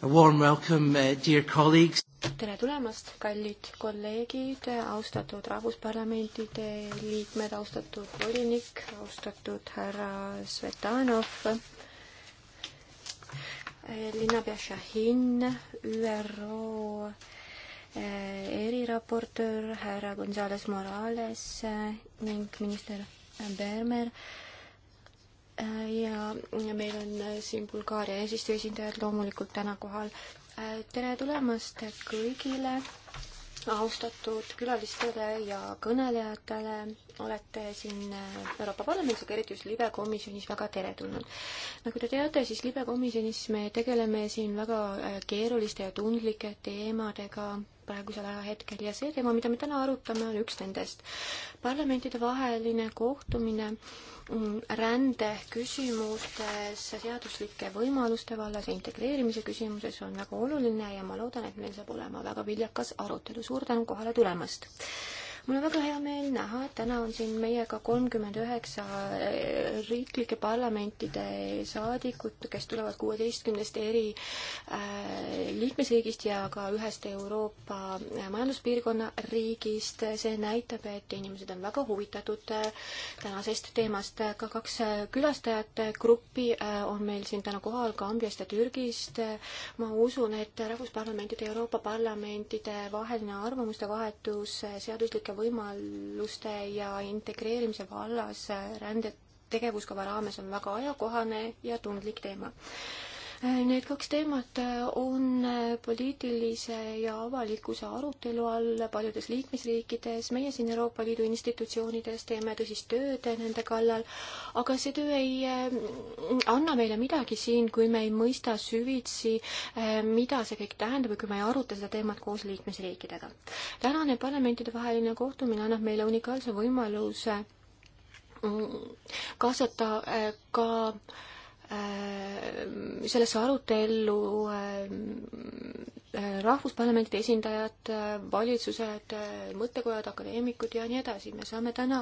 A warm welcome, uh, dear colleagues. tere tulemast, kallid kolleegid, austatud Rahvusparlamentide liikmed, austatud volinik, austatud härra Svetanov, linnapea Šahin, ÜRO eh, eriraportöör härra Gonzales Morales eh, ning minister Bermer ja meil on siin Bulgaaria eesistuja esindajad loomulikult täna kohal. tere tulemast kõigile austatud külalistele ja kõnelejatele. olete siin Euroopa Parlamendis, aga eriti just libe komisjonis väga teretulnud. nagu te teate, siis libe komisjonis me tegeleme siin väga keeruliste ja tundlike teemadega praegusel ajahetkel ja see teema, mida me täna arutame, on üks nendest. parlamentidevaheline kohtumine mm, rände küsimustes, seaduslike võimaluste vallas ja integreerimise küsimuses on väga oluline ja ma loodan, et meil saab olema väga viljakas arutelu. suur tänu kohale tulemast! mul on väga hea meel näha, et täna on siin meiega kolmkümmend üheksa äh, riiklike parlamentide saadikut, kes tulevad kuueteistkümnest eri äh, liikmesriigist ja ka ühest Euroopa äh, majanduspiirkonna riigist. see näitab, et inimesed on väga huvitatud tänasest teemast. ka kaks külastajate gruppi on meil siin täna kohal Kambiast ja Türgist. ma usun, et Rahvusparlamentide ja Euroopa Parlamentide vaheline arvamuste vahetus seaduslike võimaluste ja integreerimise vallas rände tegevuskava raames on väga ajakohane ja tundlik teema. Need kaks teemat äh, on äh, poliitilise ja avalikkuse arutelu all paljudes liikmesriikides. meie siin Euroopa Liidu institutsioonides teeme tõsist tööd nende kallal, aga see töö ei äh, anna meile midagi siin, kui me ei mõista süvitsi, mida see kõik tähendab ja kui me ei aruta seda teemat koos liikmesriikidega. tänane parlamentidevaheline kohtumine annab meile unikaalse võimaluse mm, kaasata ka Äh, sellesse arutellu äh, äh, rahvusparlamentide esindajad, valitsused, mõttekojad, akadeemikud ja nii edasi. me saame täna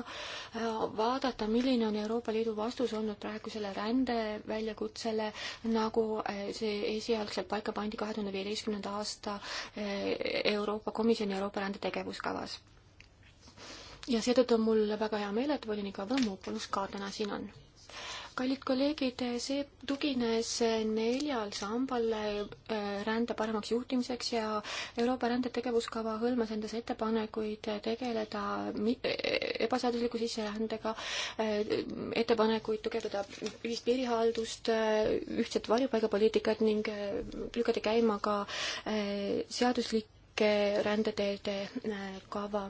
vaadata, milline on Euroopa Liidu vastus olnud praegusele rändeväljakutsele, nagu see esialgselt paika pandi kahe tuhande viieteistkümnenda aasta Euroopa Komisjoni Euroopa rände tegevuskavas. ja seetõttu on mul väga hea meel, et volinik Avramopoulos ka täna siin on kallid kolleegid, see tugines neljal sambal äh, rände paremaks juhtimiseks ja Euroopa rändetegevuskava hõlmas endas ettepanekuid tegeleda ebaseadusliku sisserändega, äh, ettepanekuid tugevdada ühist piirihaldust, äh, ühtset varjupaigapoliitikat ning lükati käima ka seaduslik pikk rändeteede äh, kava.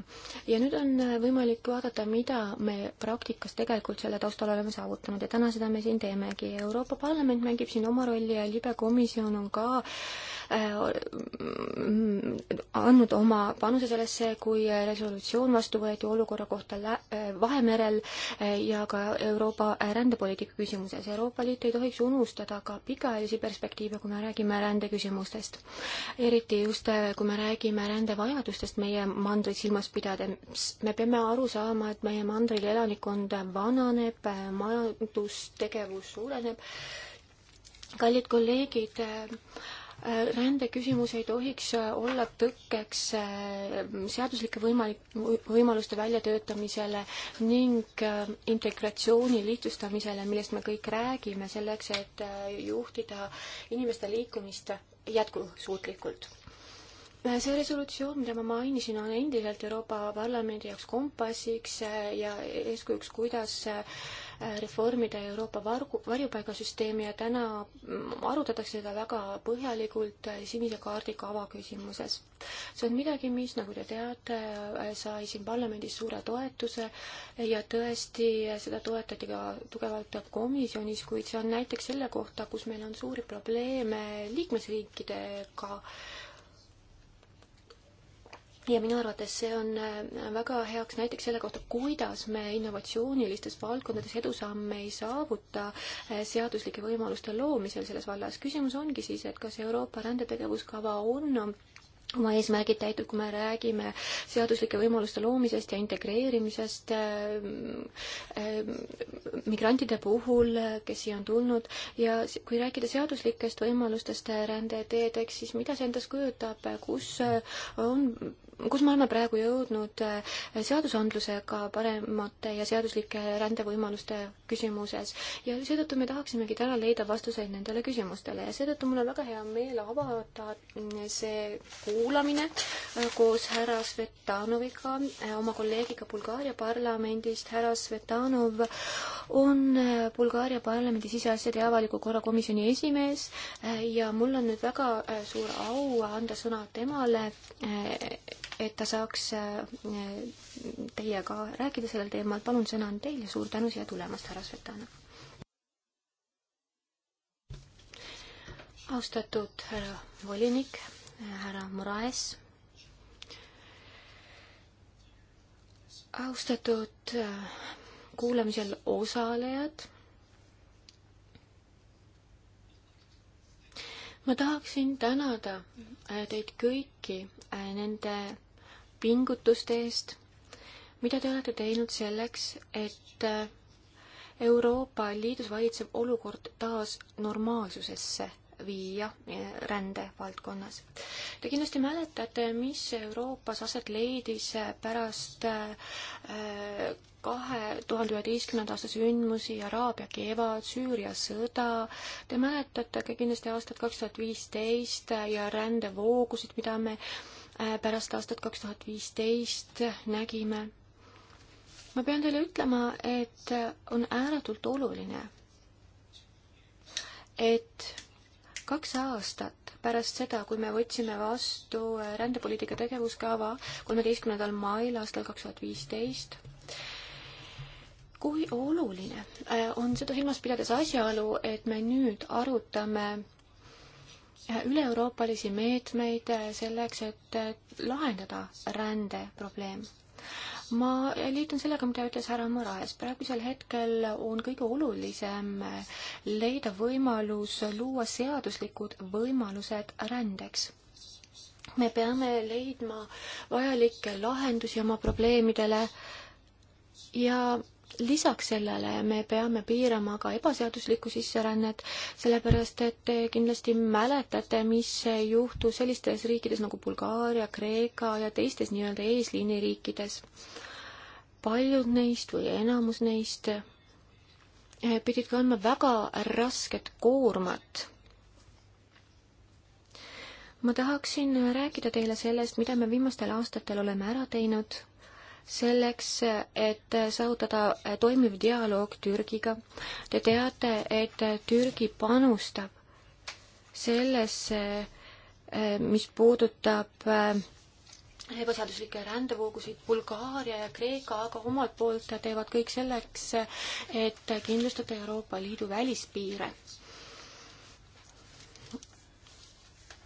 ja nüüd on äh, võimalik vaadata, mida me praktikas tegelikult selle taustal oleme saavutanud ja täna seda me siin teemegi. Euroopa Parlament mängib siin oma rolli ja libekomisjon on ka äh, andnud oma panuse sellesse, kui resolutsioon vastu võeti olukorra kohta Vahemerel ja ka Euroopa rändepoliitika küsimuses. Euroopa Liit ei tohiks unustada ka pikaajalisi perspektiive, kui me räägime rändeküsimustest. eriti just, kui me räägime räägime rändevajadustest meie mandrit silmas pidades, me peame aru saama, et meie mandril elanikkond vananeb, majandustegevus suureneb. kallid kolleegid, rändeküsimus ei tohiks olla tõkkeks seaduslike võimalik, võimaluste väljatöötamisele ning integratsiooni lihtsustamisele, millest me kõik räägime, selleks et juhtida inimeste liikumist jätkusuutlikult see resolutsioon, mida ma mainisin, on endiselt Euroopa Parlamendi jaoks kompassiks äh, ja eeskujuks, kuidas äh, reformida Euroopa vargu, varjupaigasüsteemi ja täna mm, arutatakse seda väga põhjalikult äh, sinise kaardi kava küsimuses. see on midagi, mis, nagu te teate, sai siin parlamendis suure toetuse ja tõesti, seda toetati ka tugevalt komisjonis, kuid see on näiteks selle kohta, kus meil on suuri probleeme liikmesriikidega ja minu arvates see on äh, väga heaks näiteks selle kohta, kuidas me innovatsioonilistes valdkondades edusamme ei saavuta äh, seaduslike võimaluste loomisel selles vallas. küsimus ongi siis, et kas Euroopa rändetegevuskava on oma eesmärgid täitnud, kui me räägime seaduslike võimaluste loomisest ja integreerimisest äh, migrantide puhul, kes siia on tulnud, ja kui rääkida seaduslikest võimalustest rändeteedeks, siis mida see endast kujutab, kus on kus me oleme praegu jõudnud äh, seadusandlusega paremate ja seaduslike rändevõimaluste küsimuses ja seetõttu me tahaksimegi täna leida vastuseid nendele küsimustele ja seetõttu mul on väga hea meel avada see kuulamine äh, koos härra Svetanoviga, äh, oma kolleegiga Bulgaaria parlamendist. härra Svetanov on äh, Bulgaaria parlamendi siseasjade ja avaliku korra komisjoni esimees ja mul on nüüd väga suur au anda sõna temale et ta saaks äh, teiega rääkida sellel teemal. palun, sõna on teil ja suur tänu siia tulemast, härra Svetana. austatud härra volinik, härra Moraes. austatud äh, kuulamisel osalejad ma tahaksin tänada äh, teid kõiki nende pingutuste eest, mida te olete teinud selleks, et äh, Euroopa Liidus valitsev olukord taas normaalsusesse viia äh, rändevaldkonnas. Te kindlasti mäletate, mis Euroopas aset leidis äh, pärast kahe tuhande üheteistkümnenda aasta sündmusi, Araabia kevad, Süüria sõda. Te mäletate ka kindlasti aastat kaks tuhat viisteist ja rändevoogusid, mida me Äh, pärast aastat kaks tuhat viisteist nägime. ma pean teile ütlema, et on ääretult oluline, et kaks aastat pärast seda, kui me võtsime vastu äh, rändepoliitika tegevuskava kolmeteistkümnendal mail aastal kaks tuhat viisteist, kui oluline äh, on seda silmas pidades asjaolu, et me nüüd arutame üle-euroopalisi meetmeid selleks, et lahendada rändeprobleem. ma liitun sellega, mida ütles härra Moraes. praegusel hetkel on kõige olulisem leida võimalus luua seaduslikud võimalused rändeks me peame leidma vajalikke lahendusi oma probleemidele ja lisaks sellele me peame piirama ka ebaseaduslikku sisserännet, sellepärast et te kindlasti mäletate, mis juhtus sellistes riikides nagu Bulgaaria, Kreeka ja teistes nii-öelda eesliiniriikides. paljud neist või enamus neist eh, pidid kandma väga rasket koormat ma tahaksin rääkida teile sellest, mida me viimastel aastatel oleme ära teinud selleks, et saavutada toimiv dialoog Türgiga. Te teate, et Türgi panustab sellesse, mis puudutab äh, ebaseaduslikke rändevoogusid Bulgaaria ja Kreeka, aga omalt poolt teevad kõik selleks, et kindlustada Euroopa Liidu välispiire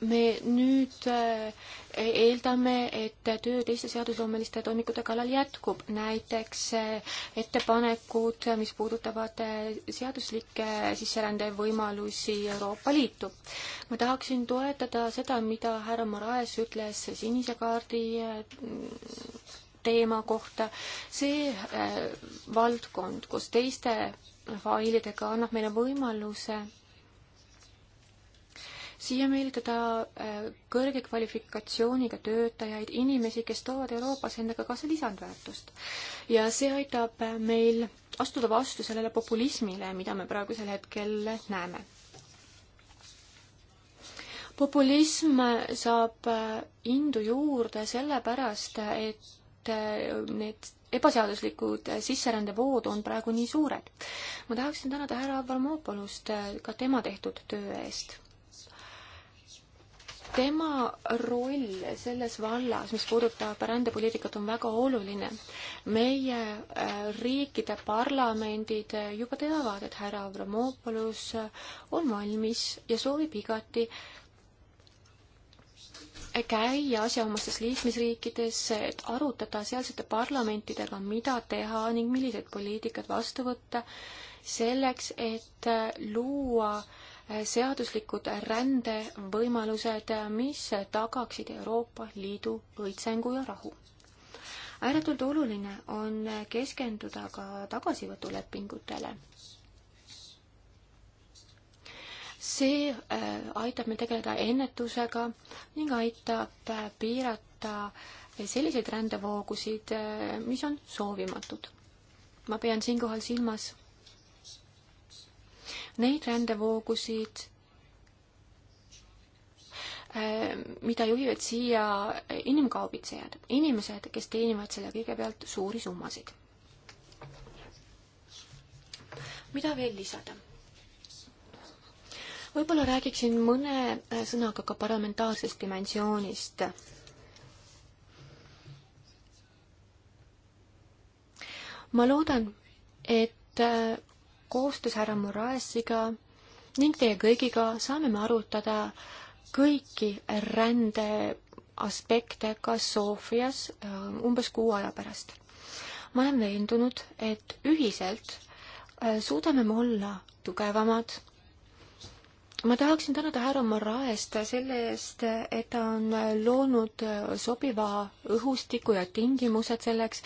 me nüüd eh, eeldame, et töö teiste seadusloomeliste toimikute kallal jätkub, näiteks eh, ettepanekud, mis puudutavad eh, seaduslikke sisserände võimalusi Euroopa Liitu. ma tahaksin toetada seda, mida härra Moraes ütles sinise kaardi teema kohta. see valdkond, kus teiste failidega annab meile võimaluse siia meelitada äh, kõrge kvalifikatsiooniga töötajaid, inimesi, kes toovad Euroopasse endaga kaasa lisandväärtust. ja see aitab äh, meil astuda vastu sellele populismile, mida me praegusel hetkel näeme. populism äh, saab indu juurde sellepärast, et need ebaseaduslikud sisserändevood on praegu nii suured. ma tahaksin tänada härra Avramopolust ka tema tehtud töö eest tema roll selles vallas, mis puudutab rändepoliitikat, on väga oluline. meie äh, riikide parlamendid juba teavad, et härra Avramopoulos on valmis ja soovib igati käia asjaomastes liikmesriikides, et arutada sealsete parlamentidega, mida teha ning millised poliitikad vastu võtta, selleks et äh, luua äh, seaduslikud rändevõimalused, mis tagaksid Euroopa Liidu õitsengu ja rahu. ääretult oluline on keskenduda ka tagasivõtulepingutele. see äh, aitab meil tegeleda ennetusega ning aitab äh, piirata selliseid rändevoogusid, äh, mis on soovimatud. ma pean siinkohal silmas neid rändevoogusid, äh, mida juhivad siia inimkaubitsejad, inimesed, kes teenivad selle kõigepealt suuri summasid. mida veel lisada? võib-olla räägiksin mõne äh, sõnaga ka parlamentaarsest dimensioonist. ma loodan, et äh, koostöös härra Moraesiga ning teie kõigiga saame me arutada kõiki rände aspekte ka Sofias äh, umbes kuu aja pärast. ma olen veendunud, et ühiselt äh, suudame me olla tugevamad ma tahaksin tänada härra Moraest selle eest, et ta on loonud sobiva õhustiku ja tingimused selleks.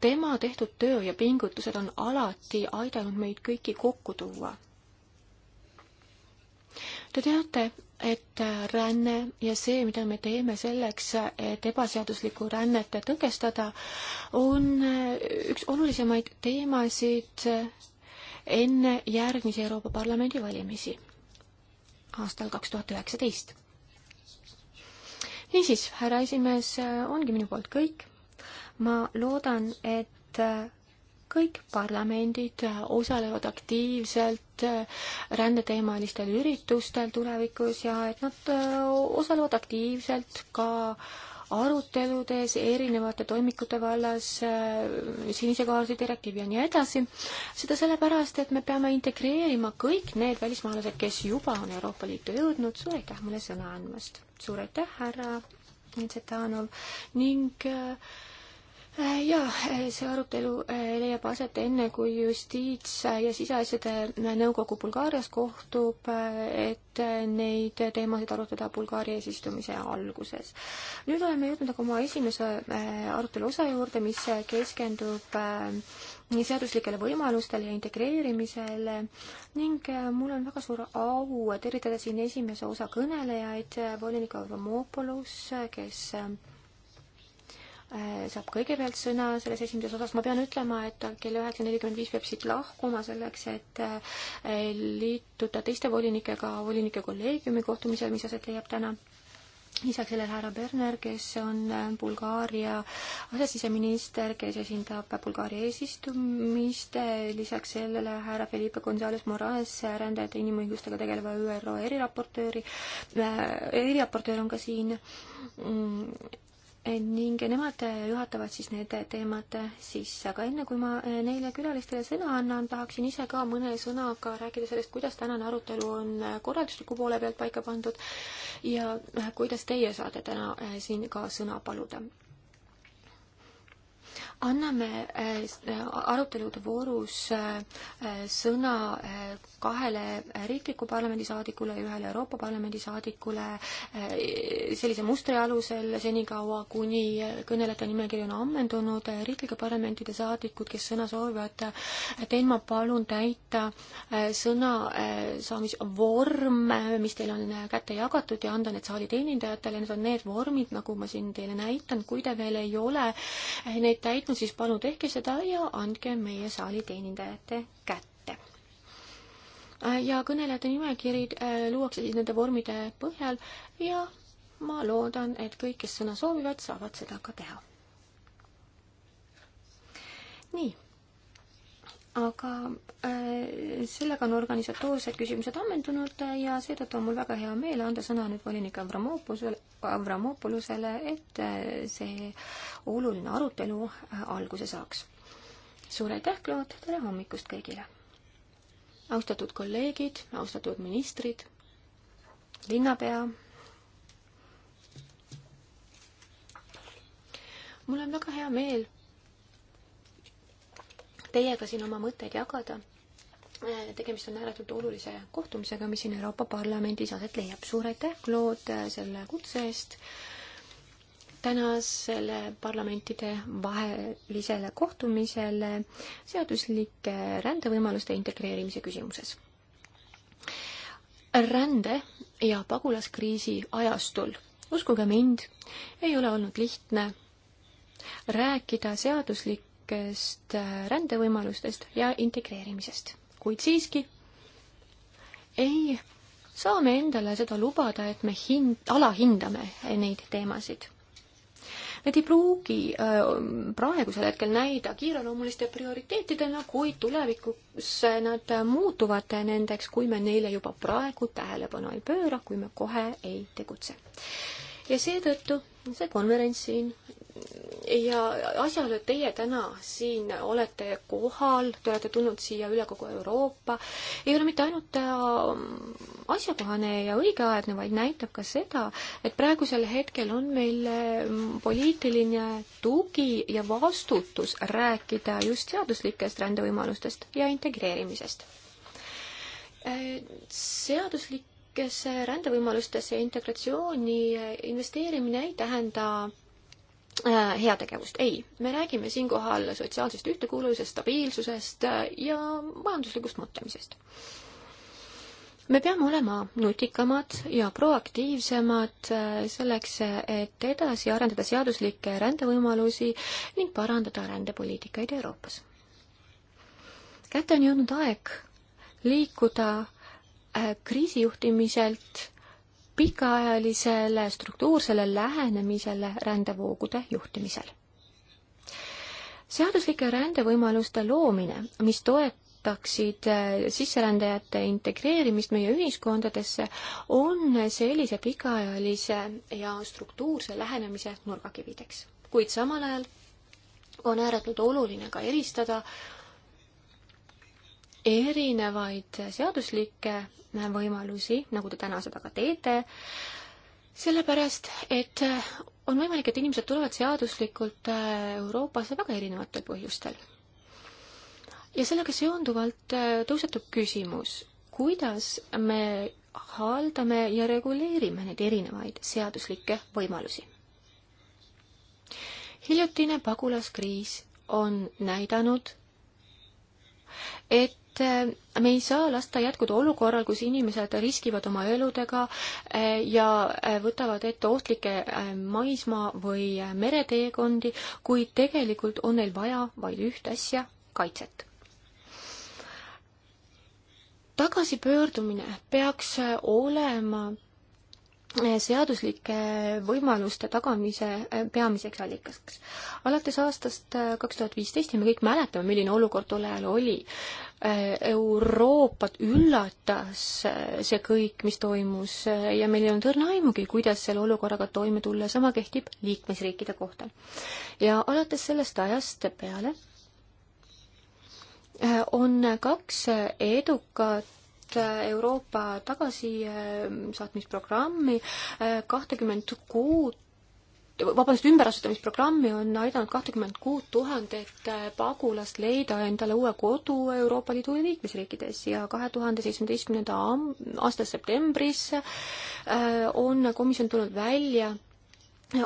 tema tehtud töö ja pingutused on alati aidanud meid kõiki kokku tuua. Te teate, et ränne ja see, mida me teeme selleks, et ebaseaduslikku rännet tõkestada, on üks olulisemaid teemasid enne järgmisi Euroopa Parlamendi valimisi aastal kaks tuhat üheksateist. niisiis, härra esimees, ongi minu poolt kõik. ma loodan, et kõik parlamendid osalevad aktiivselt rändeteemalistel üritustel tulevikus ja et nad osalevad aktiivselt ka äh, aruteludes erinevate toimikute vallas, äh, sinise kaardi direktiivi ja nii edasi. seda sellepärast, et me peame integreerima kõik need välismaalased, kes juba on Euroopa Liitu jõudnud, suur aitäh mulle sõna andmast! suur aitäh, härra Tsetanov ning äh, Äh, jaa, äh, see arutelu äh, leiab aset enne, kui justiits- ja siseasjade nõukogu Bulgaarias kohtub, et neid teemasid arutada Bulgaaria eesistumise alguses. nüüd oleme jõudnud aga oma esimese arutelu osa juurde, mis keskendub seaduslikele võimalustele ja integreerimisele ning mul on väga suur au tervitada siin esimese osa kõnelejaid, volinik Avramopoulos, kes Äh, saab kõigepealt sõna selles esimeses osas. ma pean ütlema, et kell üheksa nelikümmend viis peab siit lahkuma selleks, et äh, liituda teiste volinikega volinike kolleegiumi kohtumisel, mis aset leiab täna lisaks sellele härra Berner, kes on äh, Bulgaaria asesiseminister, kes esindab Bulgaaria eesistumist, lisaks sellele härra Felipe Gonzalez Morales, rändajate inimõigustega tegeleva ÜRO eriraportööri äh,, eriraportöör on ka siin mm, ning nemad juhatavad siis need teemad sisse, aga enne kui ma neile külalistele sõna annan, tahaksin ise ka mõne sõnaga rääkida sellest, kuidas tänane arutelu on korraldusliku poole pealt paika pandud ja kuidas teie saate täna siin ka sõna paluda anname äh, arutelude voorus äh, äh, sõna kahele riikliku parlamendi saadikule ja ühele Euroopa Parlamendi saadikule sellise mustri alusel senikaua, kuni kõnelejate nimekiri on ammendunud. riiklike parlamentide saadikud, kes sõna soovivad, teen ma palun täita sõnasaamisvorm, mis teil on kätte jagatud ja anda need saali teenindajatele, need on need vormid, nagu ma siin teile näitan, kui te veel ei ole neid täitnud, jätnud, siis palun tehke seda ja andke meie saali teenindajate kätte. Äh, ja kõnelejate nimekiri äh, luuakse siis nende vormide põhjal ja ma loodan, et kõik, kes sõna soovivad, saavad seda ka teha. nii aga äh, sellega on organisatoorsed küsimused ammendunud äh, ja seetõttu on mul väga hea meel anda sõna nüüd volinik Avramopolosele, Avramopolusele, et äh, see oluline arutelu alguse saaks. suur aitäh, Claude, tere hommikust kõigile! austatud kolleegid, austatud ministrid, linnapea, mul on väga hea meel teiega siin oma mõtteid jagada. Äh, tegemist on ääretult olulise kohtumisega, mis siin Euroopa Parlamendis aset leiab. suur aitäh, Claude, selle kutse eest tänasele parlamentide vahelisele kohtumisele seaduslike rändevõimaluste integreerimise küsimuses. rände ja pagulaskriisi ajastul, uskuge mind, ei ole olnud lihtne rääkida seaduslik võimalikest äh, rändevõimalustest ja integreerimisest. kuid siiski ei saa me endale seda lubada, et me hind-, alahindame neid teemasid. Need ei pruugi äh, praegusel hetkel näida kiireloomuliste prioriteetidena, kuid tulevikus nad muutuvad nendeks, kui me neile juba praegu tähelepanu ei pööra, kui me kohe ei tegutse. ja seetõttu see konverents siin ja asjaolu, et teie täna siin olete kohal, te olete tulnud siia üle kogu Euroopa, ei ole mitte ainult äh, asjakohane ja õigeaegne, vaid näitab ka seda, et praegusel hetkel on meil äh, poliitiline tugi ja vastutus rääkida just seaduslikest rändevõimalustest ja integreerimisest. Äh, seaduslik kes rändevõimalustesse ja integratsiooni investeerimine ei tähenda Äh, heategevust, ei, me räägime siinkohal sotsiaalsest ühtekuuluvusest, stabiilsusest äh, ja majanduslikust mõtlemisest. me peame olema nutikamad ja proaktiivsemad äh, selleks, et edasi arendada seaduslikke rändevõimalusi ning parandada rändepoliitikaid Euroopas. kätte on jõudnud aeg liikuda kriisijuhtimiselt pikaajalisele struktuursele lähenemisele rändevoogude juhtimisel. seaduslike rändevõimaluste loomine, mis toetaksid äh, sisserändajate integreerimist meie ühiskondadesse, on sellise pikaajalise ja struktuurse lähenemise nurgakivideks. kuid samal ajal on ääretult oluline ka eristada erinevaid seaduslikke võimalusi, nagu te täna seda ka teete, sellepärast, et on võimalik, et inimesed tulevad seaduslikult äh, Euroopasse väga erinevatel põhjustel. ja sellega seonduvalt äh, tõusetub küsimus, kuidas me haldame ja reguleerime neid erinevaid seaduslikke võimalusi. hiljutine pagulaskriis on näidanud, et et äh, me ei saa lasta jätkuda olukorral, kus inimesed riskivad oma eludega äh, ja äh, võtavad ette ohtlikke maismaa- või mereteekondi, kuid tegelikult on neil vaja vaid üht asja, kaitset. tagasipöördumine peaks olema seaduslike võimaluste tagamise äh, peamiseks allikaks. alates aastast äh, kaks tuhat viisteist ja me kõik mäletame, milline olukord tol ajal oli, äh, Euroopat üllatas see kõik, mis toimus ja meil ei olnud õrna aimugi, kuidas selle olukorraga toime tulla, sama kehtib liikmesriikide kohta. ja alates sellest ajast peale on kaks edukat uut äh, Euroopa tagasisaatmisprogrammi, äh, kahtekümmend kuut vabandust, ümberasustamisprogrammi on aidanud kahtekümmend kuut tuhandet äh, pagulast leida endale uue kodu Euroopa Liidu liikmesriikides ja kahe tuhande seitsmeteistkümnenda aasta septembris on komisjon tulnud välja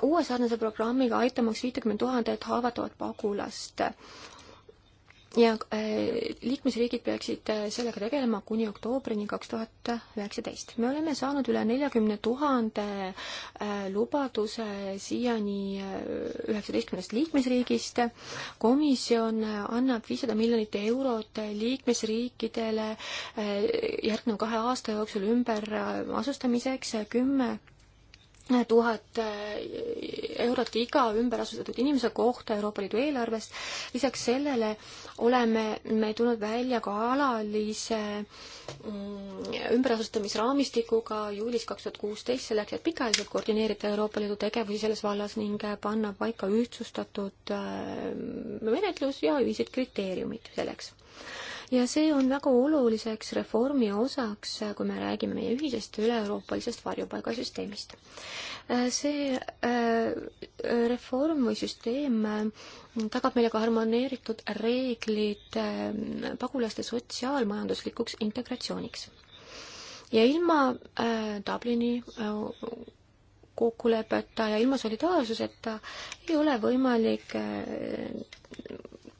uue sarnase programmiga, aitamaks viitekümmet tuhandet haavatavat pagulast ja äh, liikmesriigid peaksid äh, sellega tegelema kuni oktoobrini kaks tuhat üheksateist. me oleme saanud üle neljakümne tuhande äh, lubaduse siiani üheksateistkümnest liikmesriigist. komisjon annab viissada miljonit eurot liikmesriikidele järgneva kahe aasta jooksul ümberasustamiseks, kümme tuhat eh, eurot iga ümberasustatud inimese kohta Euroopa Liidu eelarvest. lisaks sellele oleme me tulnud välja ka alalise mm, ümberasustamisraamistikuga juulis kaks tuhat kuusteist selleks, et pikaajaliselt koordineerida Euroopa Liidu tegevusi selles vallas ning eh, panna paika ühtsustatud eh, menetlus ja ühised kriteeriumid selleks ja see on väga oluliseks reformi osaks, kui me räägime meie ühisest üle-euroopalisest varjupaigasüsteemist. Äh, see äh, reform või süsteem äh, tagab meile ka harmoneeritud reeglid pagulaste sotsiaalmajanduslikuks integratsiooniks. ja ilma Dublini kokkulepeta ja ilma solidaarsuseta ei ole võimalik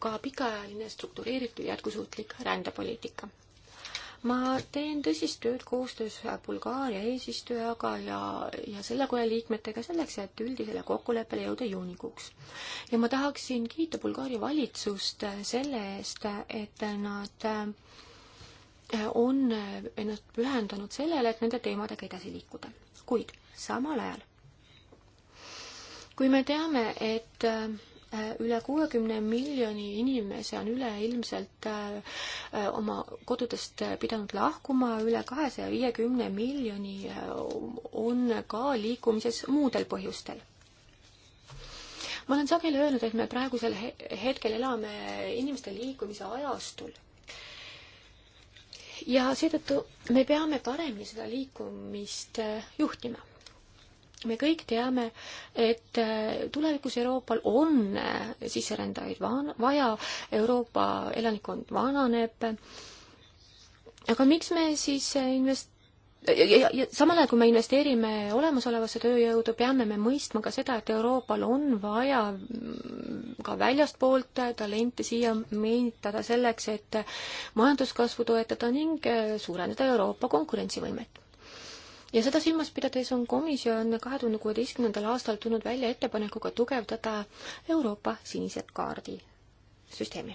ka pikaajaline struktureeritud jätkusuutlik rändepoliitika. ma teen tõsist tööd koostöös Bulgaaria eesistujaga ja, ja selle koja liikmetega selleks, et üldisele kokkuleppele jõuda juunikuuks. ja ma tahaksin kiita Bulgaaria valitsust selle eest, et nad äh, on ennast pühendanud sellele, et nende teemadega edasi liikuda. kuid samal ajal, kui me teame, et äh, Äh, üle kuuekümne miljoni inimese on üleilmselt äh, äh, oma kodudest pidanud lahkuma, üle kahesaja viiekümne miljoni on ka liikumises muudel põhjustel ma olen sageli öelnud, et me praegusel hetkel elame inimeste liikumise ajastul. ja seetõttu me peame paremini seda liikumist juhtima me kõik teame, et äh, tulevikus Euroopal on äh, sisserändajaid vaja, Euroopa elanikkond vananeb, aga miks me siis äh, invest-, ja, ja, ja samal ajal, kui me investeerime olemasolevasse tööjõudu, peame me mõistma ka seda, et Euroopal on vaja mm, ka väljastpoolt talente siia meelitada selleks, et majanduskasvu toetada ning suurendada Euroopa konkurentsivõimet ja seda silmas pidades on komisjon kahe tuhande kuueteistkümnendal aastal tulnud välja ettepanekuga tugevdada Euroopa sinise kaardi süsteemi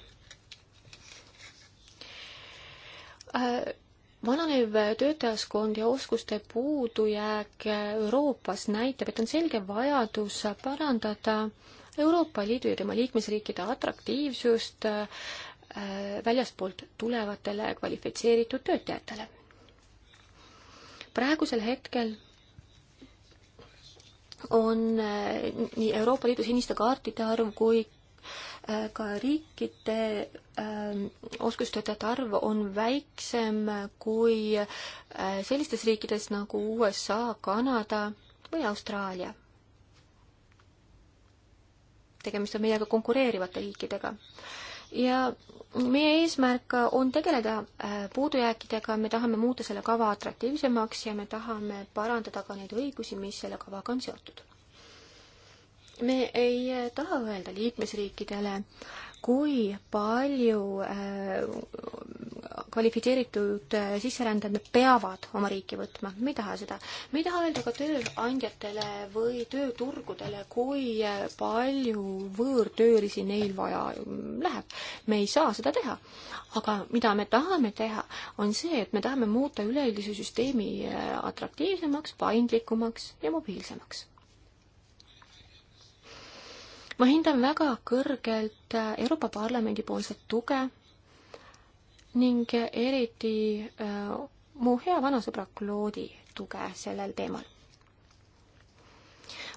äh, vananev töötajaskond ja oskuste puudujääk Euroopas näitab, et on selge vajadus parandada Euroopa Liidu ja tema liikmesriikide atraktiivsust äh, väljaspoolt tulevatele kvalifitseeritud töötajatele praegusel hetkel on eh, nii Euroopa Liidu siniste kaartide arv kui eh, ka riikide eh, oskustöötajate arv on väiksem kui sellistes riikides nagu USA, Kanada või Austraalia. tegemist on meiega konkureerivate riikidega ja meie eesmärk on tegeleda äh, puudujääkidega, me tahame muuta selle kava atraktiivsemaks ja me tahame parandada ka neid õigusi, mis selle kavaga on seotud. me ei äh, taha öelda liikmesriikidele, kui palju äh, kvalifitseeritud sisserändajad, nad peavad oma riiki võtma, me ei taha seda. me ei taha öelda ka tööandjatele või tööturgudele, kui palju võõrtöölisi neil vaja läheb. me ei saa seda teha. aga mida me tahame teha, on see, et me tahame muuta üleüldise süsteemi atraktiivsemaks, paindlikumaks ja mobiilsemaks ma hindan väga kõrgelt Euroopa Parlamendi poolset tuge ning eriti äh, mu hea vanasõbra Claude'i tuge sellel teemal.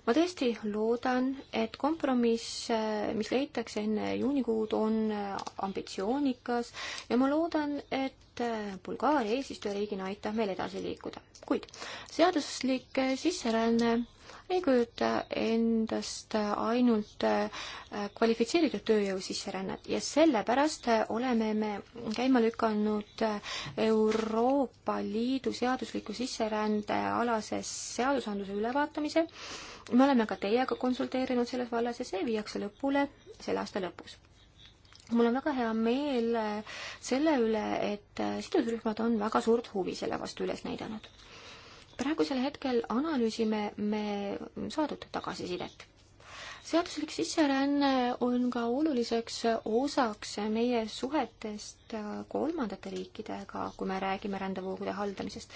ma tõesti loodan, et kompromiss, äh, mis leitakse enne juunikuud, on äh, ambitsioonikas ja ma loodan, et äh, Bulgaaria eesistujariigina aitab meil edasi liikuda. kuid seaduslik sisseränne ei kujuta endast ainult äh, kvalifitseeritud tööjõu sisserännet ja sellepärast äh, oleme me käima lükanud äh, Euroopa Liidu seadusliku sisserände alase seadusandluse ülevaatamise. me oleme ka teiega konsulteerinud selles vallas ja see viiakse lõpule selle aasta lõpus mul on väga hea meel selle üle, et sidusrühmad on väga suurt huvi selle vastu üles näidanud praegusel hetkel analüüsime me saadud tagasisidet. seaduslik sisseränne on ka oluliseks osaks meie suhetest kolmandate riikidega, kui me räägime rändevoogude haldamisest.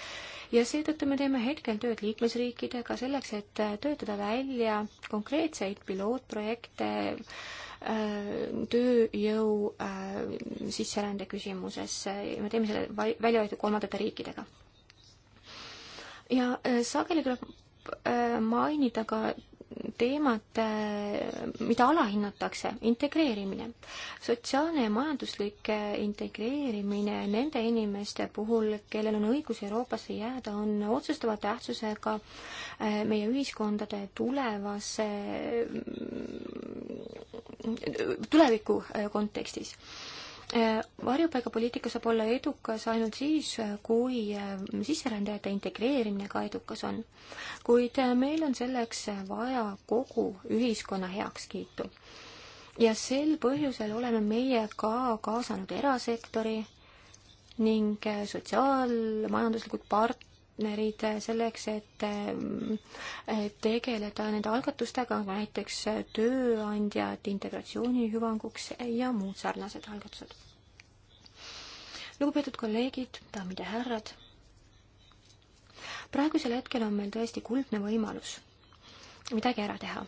ja seetõttu me teeme hetkel tööd liikmesriikidega selleks, et töötada välja konkreetseid pilootprojekte äh, tööjõu äh, sisserände küsimuses ja me teeme selle välja kolmandate riikidega ja äh, sageli tuleb äh, mainida ka teemat, äh, mida alahinnatakse, integreerimine. sotsiaalne ja majanduslik integreerimine nende inimeste puhul, kellel on õigus Euroopasse jääda, on otsustava tähtsusega meie ühiskondade tulevase, tuleviku kontekstis varjupaigapoliitika saab olla edukas ainult siis, kui eh, sisserändajate integreerimine ka edukas on. kuid eh, meil on selleks vaja kogu ühiskonna heakskiitu. ja sel põhjusel oleme meie ka kaasanud erasektori ning eh, sotsiaalmajanduslikud part-, partnerid selleks, et äh, tegeleda nende algatustega, näiteks tööandjad integratsiooni hüvanguks ja muud sarnased algatused. lugupeetud kolleegid, daamid ja härrad, praegusel hetkel on meil tõesti kuldne võimalus midagi ära teha.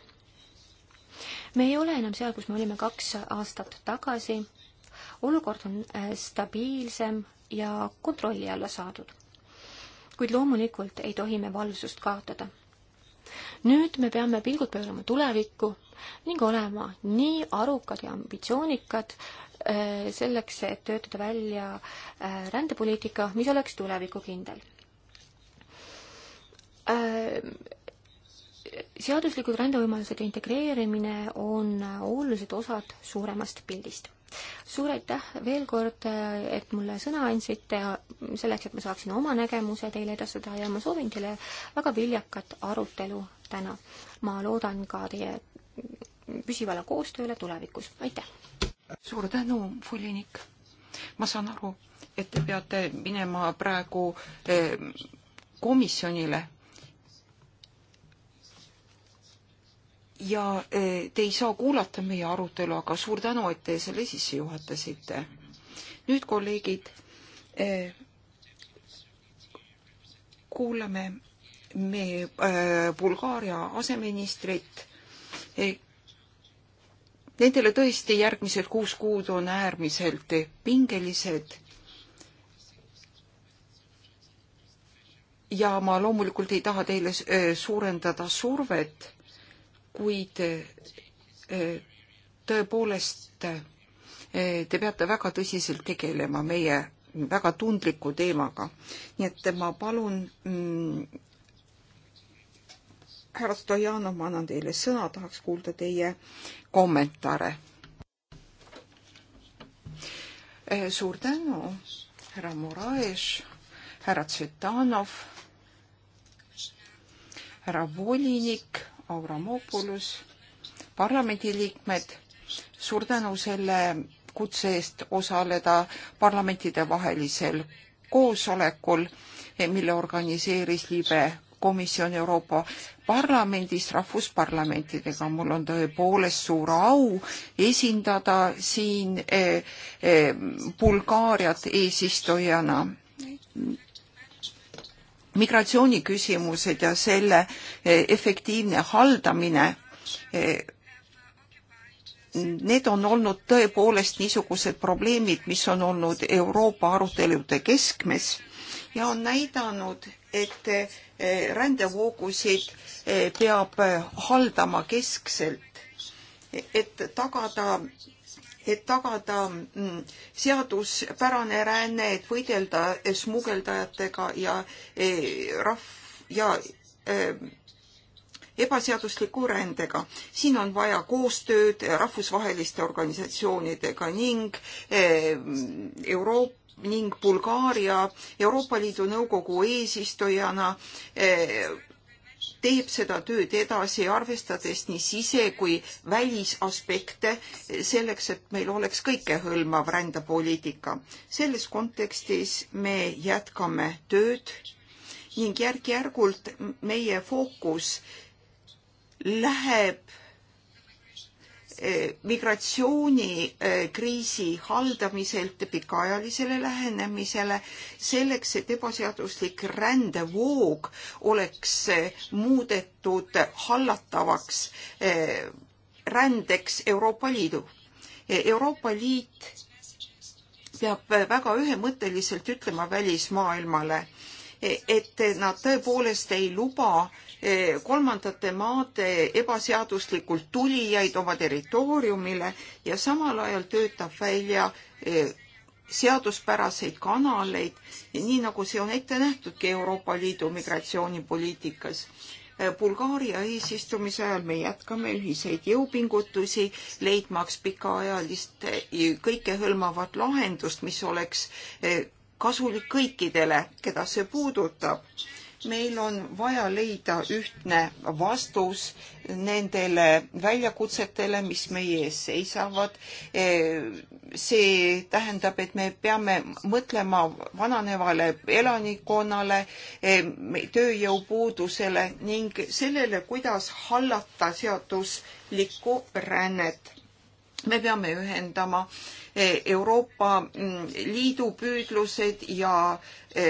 me ei ole enam seal, kus me olime kaks aastat tagasi, olukord on äh, stabiilsem ja kontrolli alla saadud kuid loomulikult ei tohi me valvsust kaotada. nüüd me peame pilgud pöörama tulevikku ning olema nii arukad ja ambitsioonikad äh, selleks, et töötada välja äh, rändepoliitika, mis oleks tulevikukindel äh, seaduslikud rändevõimalused ja integreerimine on olulised osad suuremast pildist. suur aitäh veel kord, et mulle sõna andsite, selleks, et ma saaksin oma nägemuse teile edastada ja ma soovin teile väga viljakat arutelu täna. ma loodan ka teie püsivale koostööle tulevikus, aitäh! suur tänu, volinik! ma saan aru, et te peate minema praegu eh, komisjonile ja e, te ei saa kuulata meie arutelu, aga suur tänu, et te selle sisse juhatasite. nüüd, kolleegid, e, kuulame me e, Bulgaaria aseministrit. Nendele tõesti järgmised kuus kuud on äärmiselt pingelised ja ma loomulikult ei taha teile suurendada survet, kuid äh, tõepoolest äh, te peate väga tõsiselt tegelema meie väga tundliku teemaga. nii et ma palun mm, härra Stojanov, ma annan teile sõna, tahaks kuulda teie kommentaare. Äh, suur tänu, härra Moraes, härra Tsvetanov, härra volinik Avramopoulos, parlamendiliikmed, suur tänu selle kutse eest osaleda parlamentidevahelisel koosolekul, mille organiseeris libe komisjon Euroopa Parlamendis rahvusparlamentidega. mul on tõepoolest suur au esindada siin eh, eh, Bulgaariat eesistujana migratsiooniküsimused ja selle eh, efektiivne haldamine eh, need on olnud tõepoolest niisugused probleemid, mis on olnud Euroopa arutelude keskmes ja on näidanud, et eh, rändevoogusid peab haldama keskselt, et tagada et tagada mm, seaduspärane ränne, et võidelda smugeldajatega ja e, rahv- ja e, ebaseadusliku rändega. siin on vaja koostööd rahvusvaheliste organisatsioonidega ning e, Euroopa ning Bulgaaria Euroopa Liidu Nõukogu eesistujana teeb seda tööd edasi, arvestades nii sise- kui välisaspekte, selleks et meil oleks kõikehõlmav rändepoliitika. selles kontekstis me jätkame tööd ning järk-järgult meie fookus läheb Äh, migratsioonikriisi äh, haldamiselt pikaajalisele lähenemisele selleks, et ebaseaduslik rändevoog oleks äh, muudetud hallatavaks rändeks Euroopa Liidu. Euroopa Liit peab väga ühemõtteliselt ütlema välismaailmale, et nad tõepoolest ei luba Eh, kolmandate maade ebaseaduslikult tulijaid oma territooriumile ja samal ajal töötab välja eh, seaduspäraseid kanaleid, nii nagu see on ette nähtudki Euroopa Liidu migratsioonipoliitikas. Eh, Bulgaaria eesistumise ajal me jätkame ühiseid jõupingutusi, leidmaks pikaajalist kõikehõlmavat lahendust, mis oleks kasulik kõikidele, keda see puudutab meil on vaja leida ühtne vastus nendele väljakutsetele, mis meie ees seisavad. E, see tähendab, et me peame mõtlema vananevale elanikkonnale, e, tööjõupuudusele ning sellele, kuidas hallata seaduslikku rännet. me peame ühendama äh, Euroopa mm, Liidu püüdlused ja e,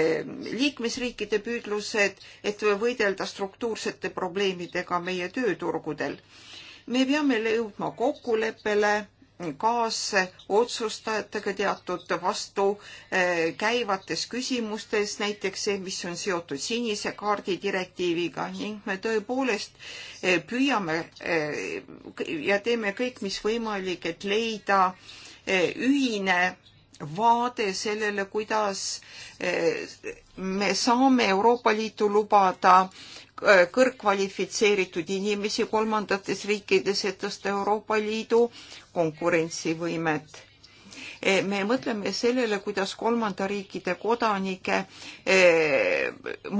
liikmesriikide püüdlused, et võidelda struktuursete probleemidega meie tööturgudel. me peame jõudma kokkuleppele kaasotsustajatega teatud vastukäivates e, küsimustes, näiteks see, mis on seotud sinise kaardi direktiiviga ning me tõepoolest e, püüame ja teeme kõik, mis võimalik, et leida äh, ühine vaade sellele, kuidas eh, me saame Euroopa Liitu lubada eh, kõrgkvalifitseeritud inimesi kolmandates riikides, et tõsta Euroopa Liidu konkurentsivõimet eh, me mõtleme sellele, kuidas kolmanda riikide kodanike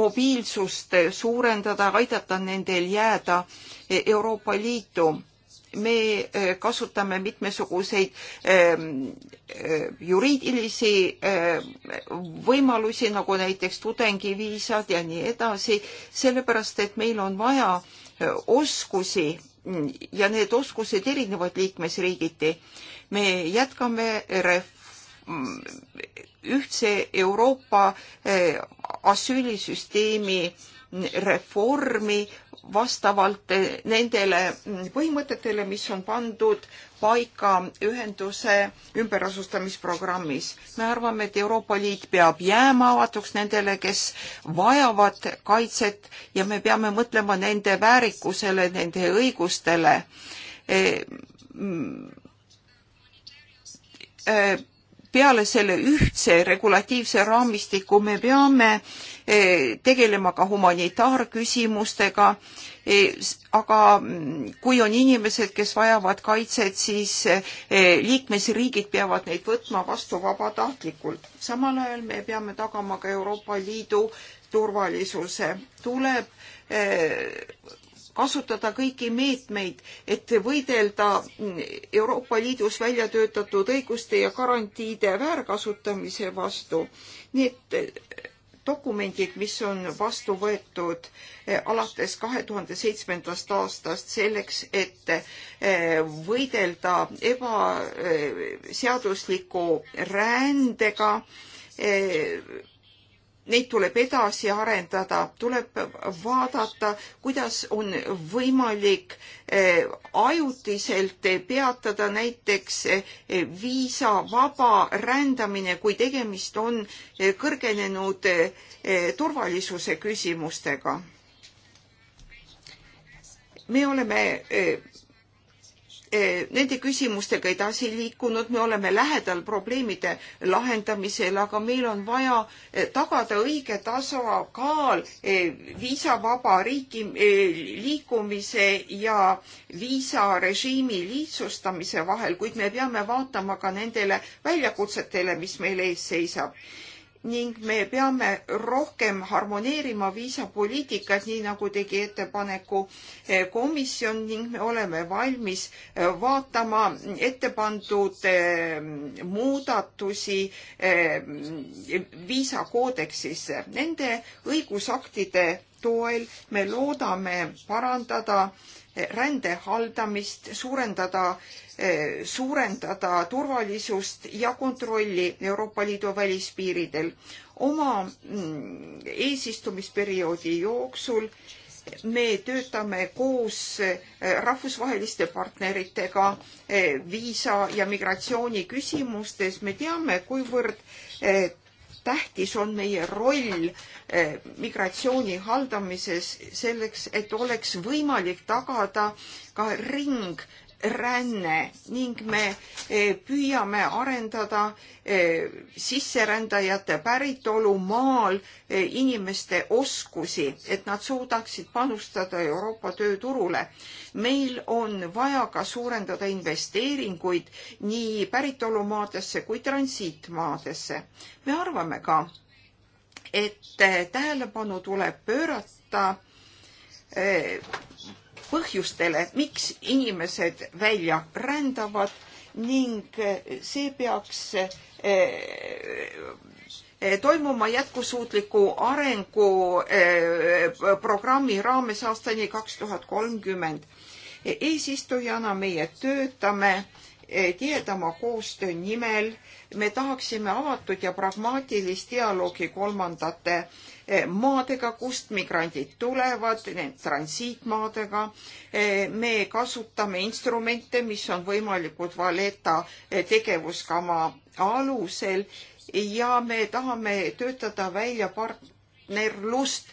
mobiilsust suurendada, aidata nendel jääda Euroopa Liitu me e, kasutame mitmesuguseid e, e, juriidilisi võimalusi, nagu näiteks tudengiviisad ja nii edasi, sellepärast et meil on vaja oskusi ja need oskused erinevad liikmesriigiti. me jätkame ref-, ühtse Euroopa asüülisüsteemi äh, reformi vastavalt nendele põhimõtetele, mis on pandud paika ühenduse ümberasustamisprogrammis. me arvame, et Euroopa Liit peab jääma avatuks nendele, kes vajavad kaitset ja me peame mõtlema nende väärikusele, nende õigustele e, e, peale selle ühtse regulatiivse raamistiku me peame E, tegelema ka humanitaarküsimustega, e, aga mm, kui on inimesed, kes vajavad kaitset, siis e, liikmesriigid peavad neid võtma vastu vabatahtlikult. samal ajal me peame tagama ka Euroopa Liidu turvalisuse. tuleb kasutada kõiki meetmeid, et võidelda mm, Euroopa Liidus välja töötatud õiguste ja garantiide väärkasutamise vastu. nii et dokumendid, mis on vastu võetud eh, alates kahe tuhande seitsmendast aastast selleks, et eh, võidelda ebaseadusliku eh, rändega neid tuleb edasi arendada, tuleb vaadata, kuidas on võimalik eh, ajutiselt peatada näiteks eh, viisavaba rändamine, kui tegemist on eh, kõrgenenud turvalisuse küsimustega. me oleme Eh, nende küsimustega edasi liikunud, me oleme lähedal probleemide lahendamisel, aga meil on vaja eh, tagada õige tasakaal eh, viisavaba riiki liikumise ja viisarežiimi lihtsustamise vahel, kuid me peame vaatama ka nendele väljakutsetele, mis meil ees seisab ning me peame rohkem harmoneerima viisapoliitikat, nii nagu tegi ettepaneku eh, komisjon ning me oleme valmis eh, vaatama ette pandud eh, muudatusi viisakoodeksisse. Nende õigusaktide toel me loodame parandada rände haldamist, suurendada Eh, suurendada turvalisust ja kontrolli Euroopa Liidu välispiiridel. oma mm, eesistumisperioodi jooksul me töötame koos eh, rahvusvaheliste partneritega eh, viisa ja migratsiooni küsimustes. me teame, kuivõrd tähtis on meie roll migratsiooni haldamises selleks, et oleks võimalik tagada ka ring ränne ning me eh, püüame arendada eh, sisserändajate päritolu maal eh, inimeste oskusi, et nad suudaksid panustada Euroopa tööturule. meil on vaja ka suurendada investeeringuid nii päritolumaadesse kui transiitmaadesse. me arvame ka, et tähelepanu tuleb pöörata põhjustele, miks inimesed välja rändavad ning see peaks eh, eh, toimuma jätkusuutliku arengu eh, programmi raames aastani kaks tuhat kolmkümmend. eesistujana meie töötame tihedama koostöö nimel. me tahaksime avatud ja pragmaatilist dialoogi kolmandate Eh, maadega, kust migrandid tulevad, transiitmaadega. Eh, me kasutame instrumente, mis on võimalikud Valeta eh, tegevuskava alusel ja me tahame töötada välja part-, partnerlust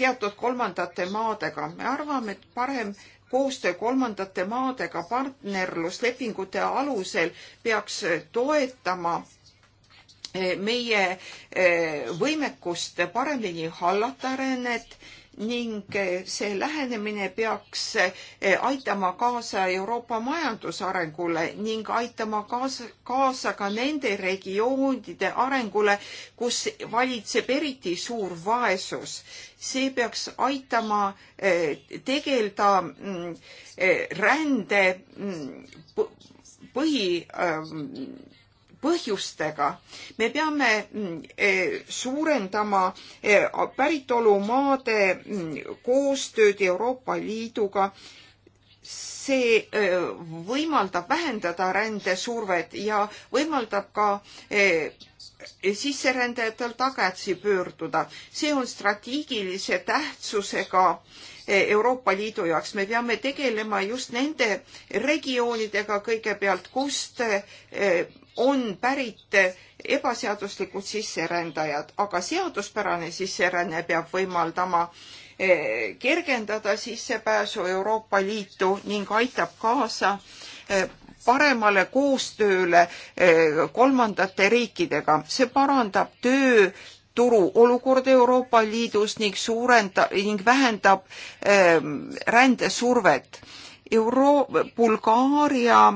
teatud kolmandate maadega. me arvame, et parem koostöö kolmandate maadega partnerluslepingute alusel peaks toetama meie eh, võimekust paremini hallata rännet ning eh, see lähenemine peaks eh, aitama kaasa Euroopa majandusarengule ning aitama kaasa, kaasa ka nende regioonide arengule, kus valitseb eriti suur vaesus. see peaks aitama tegeleda mm, rände mm, põhi ähm, põhjustega. me peame mm, e, suurendama e, päritolumaade mm, koostööd Euroopa Liiduga. see e, võimaldab vähendada rändesurvet ja võimaldab ka sisserändajatel tagasi pöörduda. see on strateegilise tähtsusega Euroopa Liidu jaoks. me peame tegelema just nende regioonidega kõigepealt, kust on pärit ebaseaduslikud sisserändajad, aga seaduspärane sisseränne peab võimaldama eh, kergendada sissepääsu Euroopa Liitu ning aitab kaasa eh, paremale koostööle eh, kolmandate riikidega. see parandab tööturu olukorda Euroopa Liidus ning suurendab ning vähendab rändesurvet. Euro-, Bulgaaria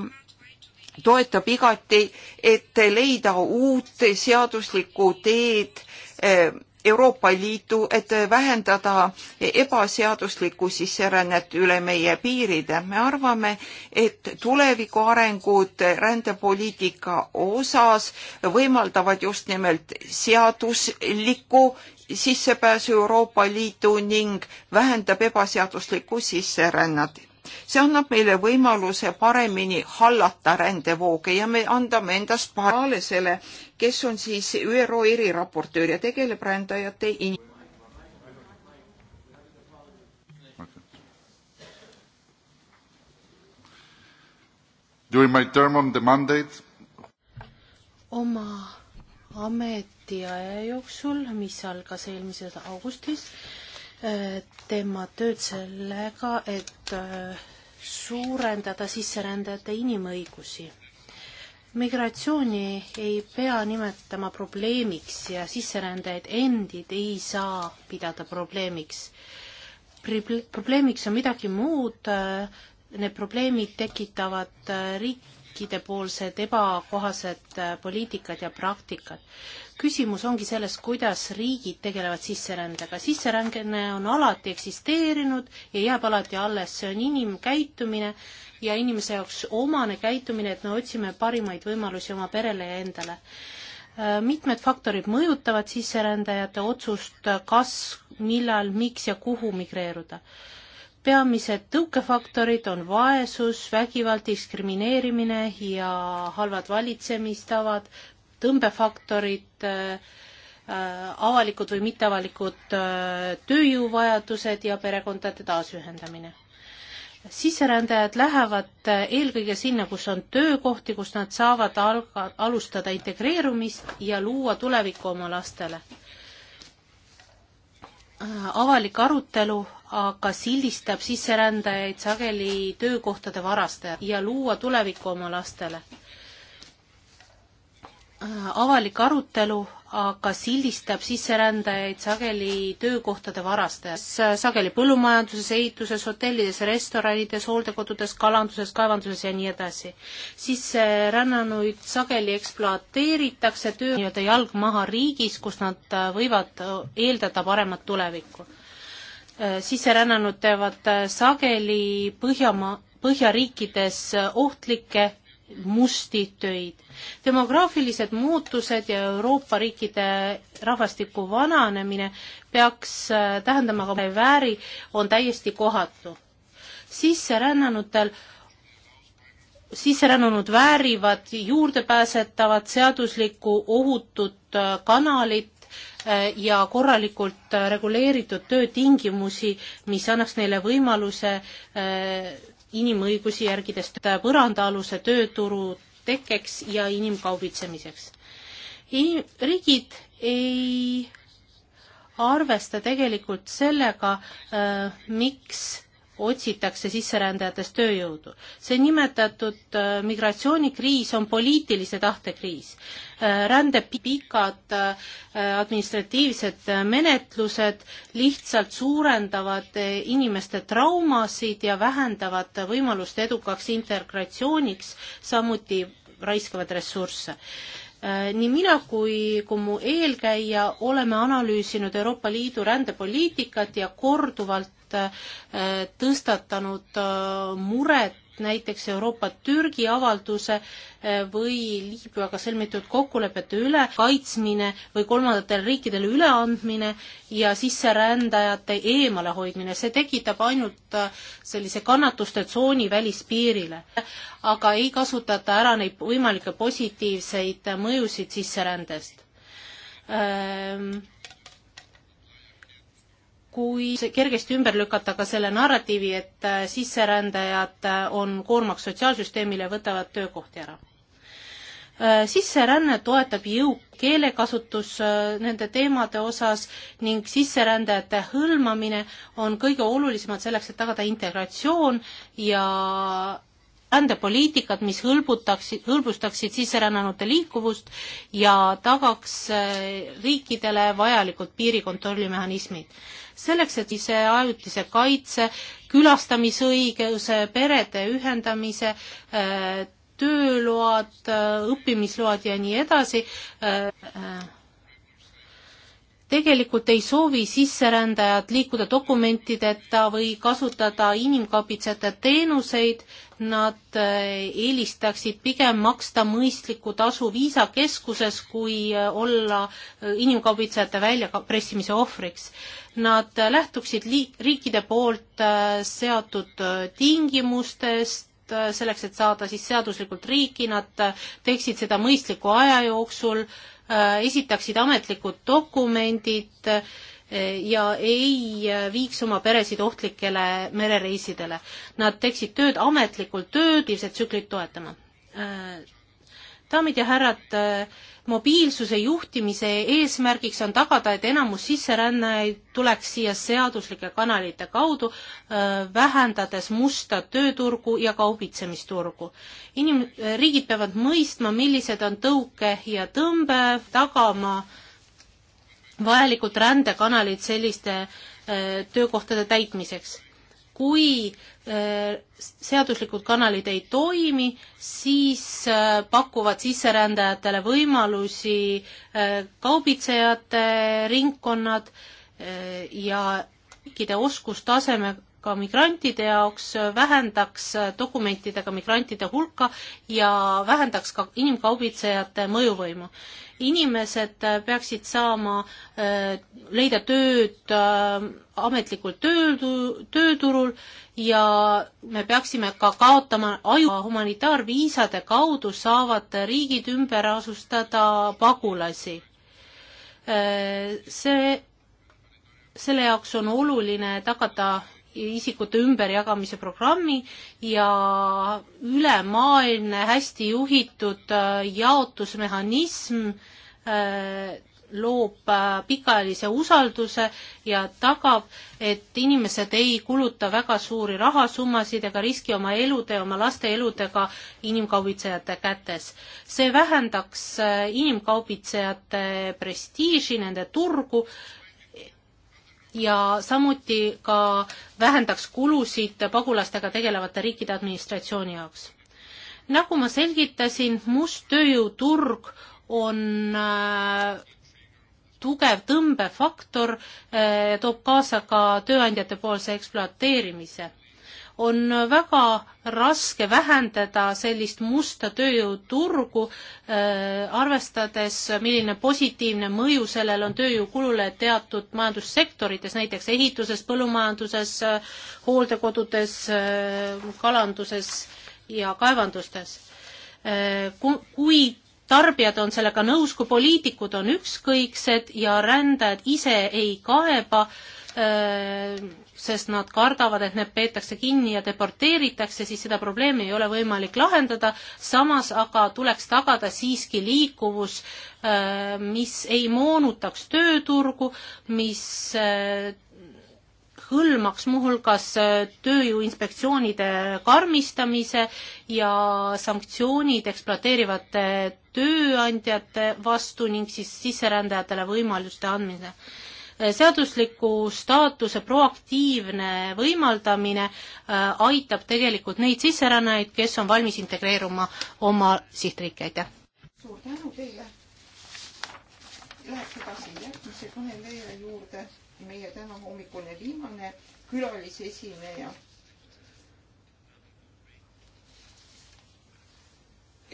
toetab igati, et leida uut seaduslikku teed eh, Euroopa Liidu, et vähendada ebaseaduslikku sisserännet üle meie piiride. me arvame, et tuleviku arengud rändepoliitika osas võimaldavad just nimelt seaduslikku sissepääsu Euroopa Liidu ning vähendab ebaseaduslikku sisserännet see annab meile võimaluse paremini hallata rändevooge ja me andame endast paale selle, kes on siis ÜRO eriraportöör ja tegeleb rändajate in-. During my term on the mandate oma ametiaja jooksul, mis algas eelmises augustis, Äh, tema tööd sellega, et äh, suurendada sisserändajate inimõigusi. migratsiooni ei pea nimetama probleemiks ja sisserändajaid endid ei saa pidada probleemiks. probleemiks on midagi muud, äh, need probleemid tekitavad riikidepoolsed ebakohased poliitikad ja praktikad küsimus ongi selles, kuidas riigid tegelevad sisserändega. sisseränne on alati eksisteerinud ja jääb alati alles, see on inimkäitumine ja inimese jaoks omane käitumine, et me otsime parimaid võimalusi oma perele ja endale. Äh, mitmed faktorid mõjutavad sisserändajate otsust, kas, millal, miks ja kuhu migreeruda peamised tõukefaktorid on vaesus, vägivald, diskrimineerimine ja halvad valitsemistavad, tõmbefaktorid, äh, avalikud või mitteavalikud äh, tööjõuvajadused ja perekondade taasühendamine. sisserändajad lähevad äh, eelkõige sinna, kus on töökohti, kus nad saavad alga, alustada integreerumist ja luua tulevikku oma lastele avalik arutelu aga sildistab sisserändajaid sageli töökohtade varastajad ja luua tulevikku oma lastele. Äh, avalik arutelu aga sildistab sisserändajaid sageli töökohtade varastajas, äh, sageli põllumajanduses, ehituses, hotellides, restoranides, hooldekodudes, kalanduses, kaevanduses ja nii edasi. sisserännanuid sageli ekspluateeritakse töö nii-öelda jalg maha riigis, kus nad äh, võivad eeldada paremat tulevikku. sisserännanud teevad sageli Põhjamaa, Põhjariikides ohtlikke musti töid. demograafilised muutused ja Euroopa riikide rahvastiku vananemine peaks äh, tähendama ka vääri, on täiesti kohatu. sisserännanutel, sisserännunud väärivad juurdepääsetavat seaduslikku ohutut äh, kanalit äh, ja korralikult reguleeritud töötingimusi, mis annaks neile võimaluse inimõigusi järgides põrandaaluse tööturu tekkeks ja inimkaubitsemiseks Inim. riigid ei arvesta tegelikult sellega, äh, miks otsitakse sisserändajatest tööjõudu. see nimetatud äh, migratsioonikriis on poliitilise tahte kriis. Äh, rände pikad äh, administratiivsed menetlused lihtsalt suurendavad inimeste traumasid ja vähendavad võimalust edukaks integratsiooniks, samuti raiskavad ressursse Äh, nii mina kui, kui mu eelkäija oleme analüüsinud Euroopa Liidu rändepoliitikat ja korduvalt äh, tõstatanud äh, muret näiteks Euroopa-Türgi avalduse eh, või Liibüaga sõlmitud kokkulepete üle kaitsmine või kolmandatele riikidele üleandmine ja sisserändajate eemalehoidmine, see tekitab ainult eh, sellise kannatuste tsooni välispiirile. aga ei kasutata ära neid võimalikke positiivseid mõjusid sisserändest ähm, kui kergesti ümber lükata ka selle narratiivi, et äh, sisserändajad äh, on koormaks sotsiaalsüsteemile ja võtavad töökohti ära. Äh, sisseränne toetab jõuk, keelekasutus nende teemade osas ning sisserändajate hõlmamine on kõige olulisemad selleks, et tagada integratsioon ja rändepoliitikat, mis hõlbutaksid, hõlbustaksid sisserännanute liikuvust ja tagaks riikidele vajalikud piirikontrollimehhanismid selleks, et see ajutise kaitse, külastamisõiguse, perede ühendamise, äh, tööload, äh, õppimisload ja nii edasi äh, tegelikult ei soovi sisserändajad liikuda dokumentideta või kasutada inimkapitsate teenuseid, nad eh, eelistaksid pigem maksta mõistlikku tasu viisakeskuses, kui eh, olla eh, inimkaubitsejate väljapressimise ohvriks. Nad lähtuksid liik-, riikide poolt seatud tingimustest, selleks, et saada siis seaduslikult riiki, nad teeksid seda mõistliku aja jooksul äh,, Äh, esitaksid ametlikud dokumendid äh, ja ei äh, viiks oma peresid ohtlikele merereisidele. Nad teeksid tööd ametlikult, tööd, ilmselt tsüklit toetama. daamid ja härrad, mobiilsuse juhtimise eesmärgiks on tagada, et enamus sisserännajaid tuleks siia seaduslike kanalite kaudu, vähendades musta tööturgu ja kaubitsemisturgu. inim-, riigid peavad mõistma, millised on tõuke ja tõmbe, tagama vajalikud rändekanalid selliste töökohtade täitmiseks kui äh, seaduslikud kanalid ei toimi, siis äh, pakuvad sisserändajatele võimalusi äh, kaubitsejate ringkonnad ja riikide oskustaseme ka migrantide jaoks, vähendaks dokumentidega migrantide hulka ja vähendaks ka inimkaubitsejate mõjuvõimu. inimesed peaksid saama äh, leida tööd äh, ametlikul töötu-, tööturul ja me peaksime ka kaotama aju, humanitaarviisade kaudu saavad riigid ümber asustada pagulasi. Äh, see selle jaoks on oluline tagada isikute ümberjagamise programmi ja ülemaailmne hästi juhitud äh, jaotusmehhanism äh, loob äh, pikaajalise usalduse ja tagab, et inimesed ei kuluta väga suuri rahasummasid ega riski oma elude, oma laste eludega inimkaubitsejate kätes. see vähendaks inimkaubitsejate prestiiži, nende turgu ja samuti ka vähendaks kulusid pagulastega tegelevate riikide administratsiooni jaoks. nagu ma selgitasin, must tööjõuturg on äh, tugev tõmbefaktor, äh, toob kaasa ka tööandjate poolse ekspluateerimise on väga raske vähendada sellist musta tööjõuturgu äh,, arvestades, milline positiivne mõju sellel on tööjõukulule teatud majandussektorites, näiteks ehituses, põllumajanduses äh,, hooldekodudes äh,, kalanduses ja kaevandustes. Äh, kui tarbijad on sellega nõus, kui poliitikud on ükskõiksed ja rändajad ise ei kaeba, äh, sest nad kardavad, et need peetakse kinni ja deporteeritakse, siis seda probleemi ei ole võimalik lahendada, samas aga tuleks tagada siiski liikuvus, äh, mis ei moonutaks tööturgu, mis äh, hõlmaks muuhulgas tööjõuinspektsioonide karmistamise ja sanktsioonid ekspluateerivate tööandjate vastu ning siis sisserändajatele võimaluste andmine. seadusliku staatuse proaktiivne võimaldamine äh, aitab tegelikult neid sisserännajaid, kes on valmis integreeruma oma sihtriiki, aitäh! suur tänu teile! Läheks edasi järgmise kõneleja juurde, meie tänahommikune viimane külalisesineja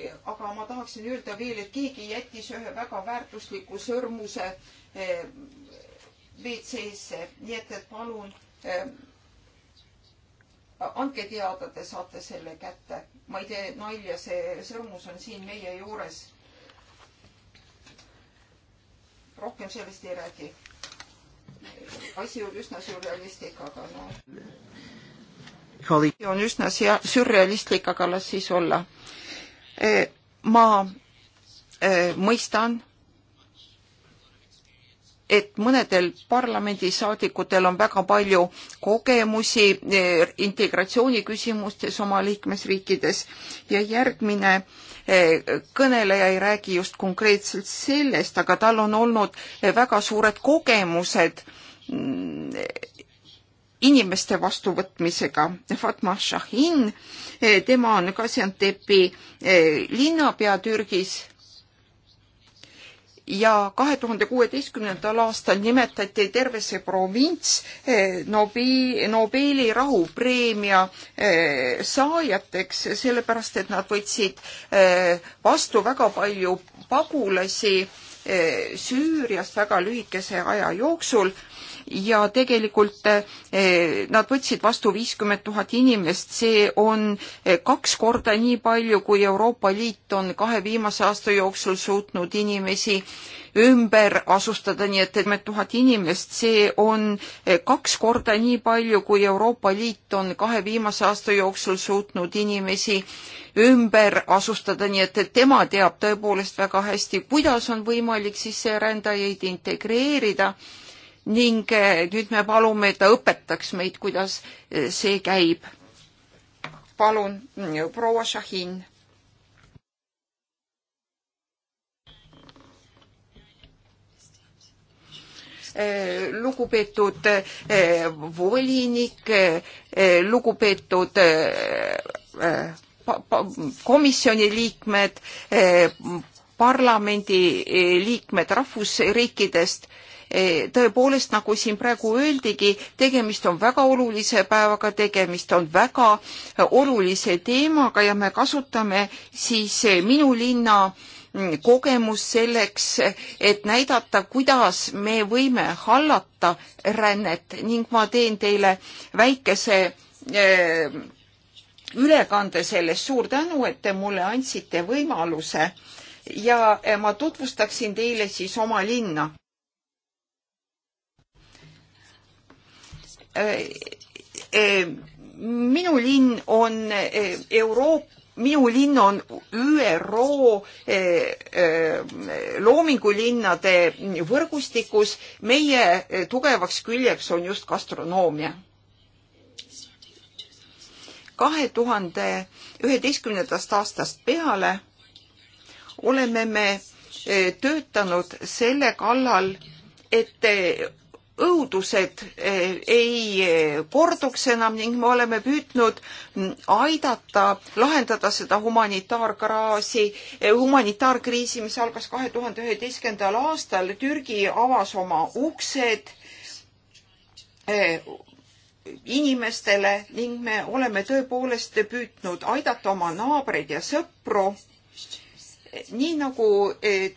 Äh, aga ma tahaksin öelda veel, et keegi jättis ühe väga väärtusliku sõrmuse äh, WC-sse, nii et, et palun äh, andke teada, te saate selle kätte. ma ei tee nalja, see sõrmus on siin meie juures. rohkem sellest ei räägi. asi oli üsna sürrealistlik, aga noh. on üsna sürrealistlik, aga las siis olla Eh, ma eh, mõistan, et mõnedel parlamendisaadikutel on väga palju kogemusi eh, integratsiooni küsimustes oma liikmesriikides ja järgmine kõneleja ei räägi just konkreetselt sellest, aga tal on olnud väga suured kogemused mm, inimeste vastuvõtmisega. Fatma Shahin, eh, tema on Gaziantepi eh, linnapea Türgis ja kahe tuhande kuueteistkümnendal aastal nimetati terve see provints eh, Nobi, Nobeli rahupreemia saajateks, sellepärast et nad võtsid vastu väga palju pagulasi Süüriast väga lühikese aja jooksul ja tegelikult eh, nad võtsid vastu viiskümmend tuhat inimest, see on eh, kaks korda nii palju, kui Euroopa Liit on kahe viimase aasta jooksul suutnud inimesi ümber asustada, nii et, et tuhat inimest, see on eh, kaks korda nii palju, kui Euroopa Liit on kahe viimase aasta jooksul suutnud inimesi ümber asustada, nii et, et tema teab tõepoolest väga hästi, kuidas on võimalik sisserändajaid integreerida ning eh, nüüd me palume, et ta õpetaks meid, kuidas eh, see käib. palun, mm, proua Šahin. Eh, lugupeetud volinik, lugupeetud komisjoni liikmed, parlamendi liikmed rahvusriikidest Eh, tõepoolest, nagu siin praegu öeldigi, tegemist on väga olulise päevaga, tegemist on väga eh, olulise teemaga ja me kasutame siis eh, minu linna mm, kogemus selleks, et näidata, kuidas me võime hallata rännet ning ma teen teile väikese ülekande sellest. suur tänu, et te mulle andsite võimaluse ja ma tutvustaksin teile siis oma linna. Äh, äh, minu linn on äh, Euroopa minu linn on ÜRO loomingulinnade võrgustikus. meie tugevaks küljeks on just gastronoomia. kahe tuhande üheteistkümnendast aastast peale oleme me töötanud selle kallal, et õudused eh, ei eh, korduks enam ning me oleme püüdnud mm, aidata lahendada seda humanitaarkraasi, eh, humanitaarkriisi, mis algas kahe tuhande üheteistkümnendal aastal. Türgi avas oma uksed inimestele ning me oleme tõepoolest püüdnud aidata oma naabreid ja sõpru. nii nagu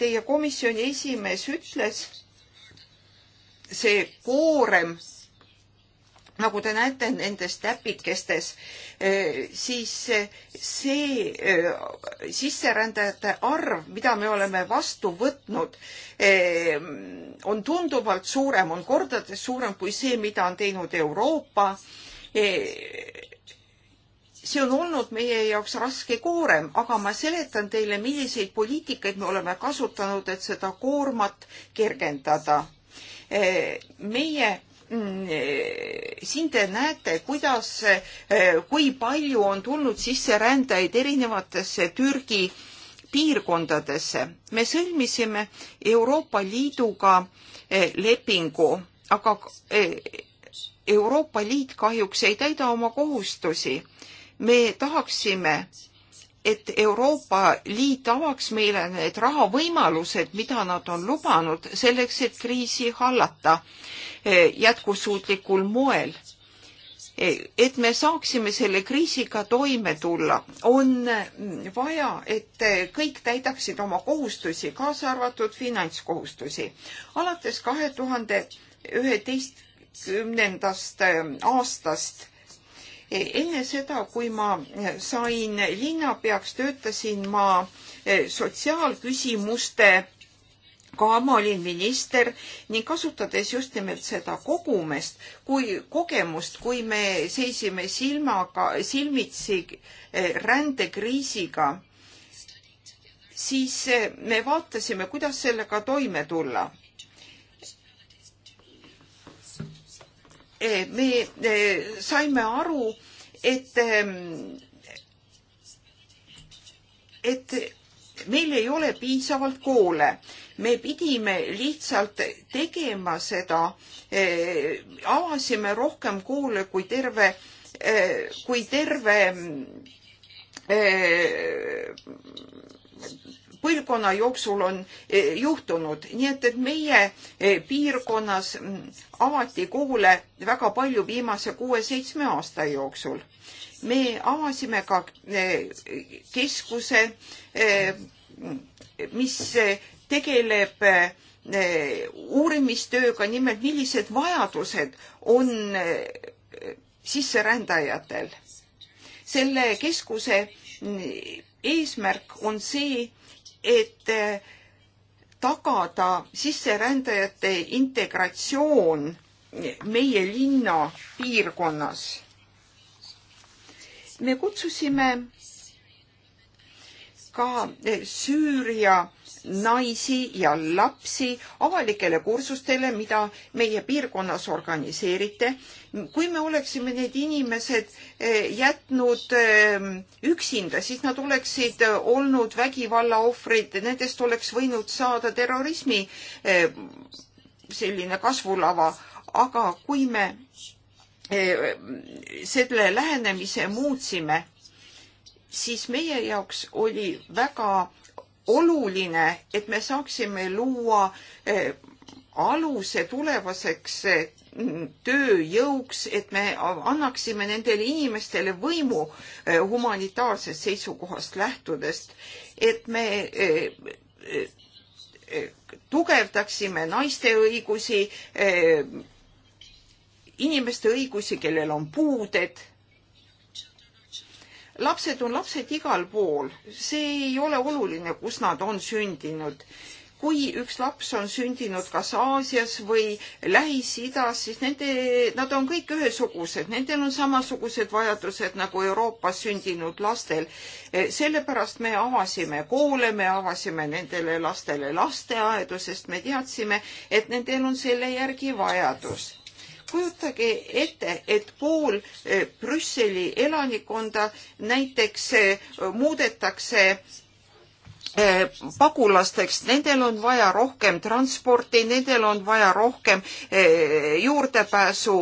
teie komisjoni esimees ütles see koorem, nagu te näete nendes täpikestes, eh, siis eh, see eh, sisserändajate arv, mida me oleme vastu võtnud, on tunduvalt suurem, on kordades suurem kui see, mida on teinud Euroopa see on olnud meie jaoks raske koorem, aga ma seletan teile, milliseid poliitikaid me oleme kasutanud, et seda koormat kergendada. Eh, meie mm, eh, siin te näete, kuidas, eh, kui palju on tulnud sisserändajaid erinevatesse Türgi piirkondadesse. me sõlmisime Euroopa Liiduga lepingu, aga Euroopa Liit kahjuks ei täida oma kohustusi. me tahaksime et Euroopa Liit avaks meile need rahavõimalused, mida nad on lubanud selleks, et kriisi hallata eh, jätkusuutlikul moel. Eh, et me saaksime selle kriisiga toime tulla, on mm, vaja, et eh, kõik täidaksid oma kohustusi, kaasa arvatud finantskohustusi. alates kahe tuhande üheteistkümnendast aastast E, enne seda, kui ma sain linnapeaks, töötasin ma e, sotsiaalküsimuste ka ma olin minister ning kasutades just nimelt seda kogumest kui kogemust, kui me seisime silmaga, silmitsi e, rändekriisiga, siis me vaatasime, kuidas sellega toime tulla Eh, me eh, saime aru, et, ehm, et meil ei ole piisavalt koole. me pidime lihtsalt tegema seda, eh, avasime rohkem koole kui terve, kui terve põlvkonna jooksul on e, juhtunud, nii et, et meie e, piirkonnas avati koole väga palju viimase kuue-seitsme aasta jooksul. me avasime ka e, keskuse, mis tegeleb uurimistööga, nimelt millised vajadused on sisserändajatel. selle keskuse eesmärk on see, et eh, tagada sisserändajate integratsioon meie linna piirkonnas. me kutsusime ka Süüria naisi ja lapsi avalikele kursustele, mida meie piirkonnas organiseerite. kui me oleksime need inimesed eh, jätnud eh, üksinda, siis nad oleksid eh, olnud vägivalla ohvrid, nendest oleks võinud saada terrorismi selline kasvulava, aga kui me selle lähenemise muutsime, siis meie jaoks oli väga oluline, et me saaksime luua eh, aluse tulevaseks eh, tööjõuks, et me annaksime nendele inimestele võimu eh, humanitaarsest seisukohast lähtudest, et me tugevdaksime naiste õigusi, inimeste õigusi, kellel on puuded lapsed on lapsed igal pool, see ei ole oluline, kus nad on sündinud. kui üks laps on sündinud kas Aasias või Lähis-Idas, siis nende, nad on kõik ühesugused, nendel on samasugused vajadused nagu Euroopas sündinud lastel. sellepärast me avasime koole, me avasime nendele lastele lasteaedu, sest me teadsime, et nendel on selle järgi vajadus kujutage ette, et pool eh, Brüsseli elanikkonda näiteks eh, muudetakse eh, pagulasteks, nendel on vaja rohkem transporti, nendel on vaja rohkem juurdepääsu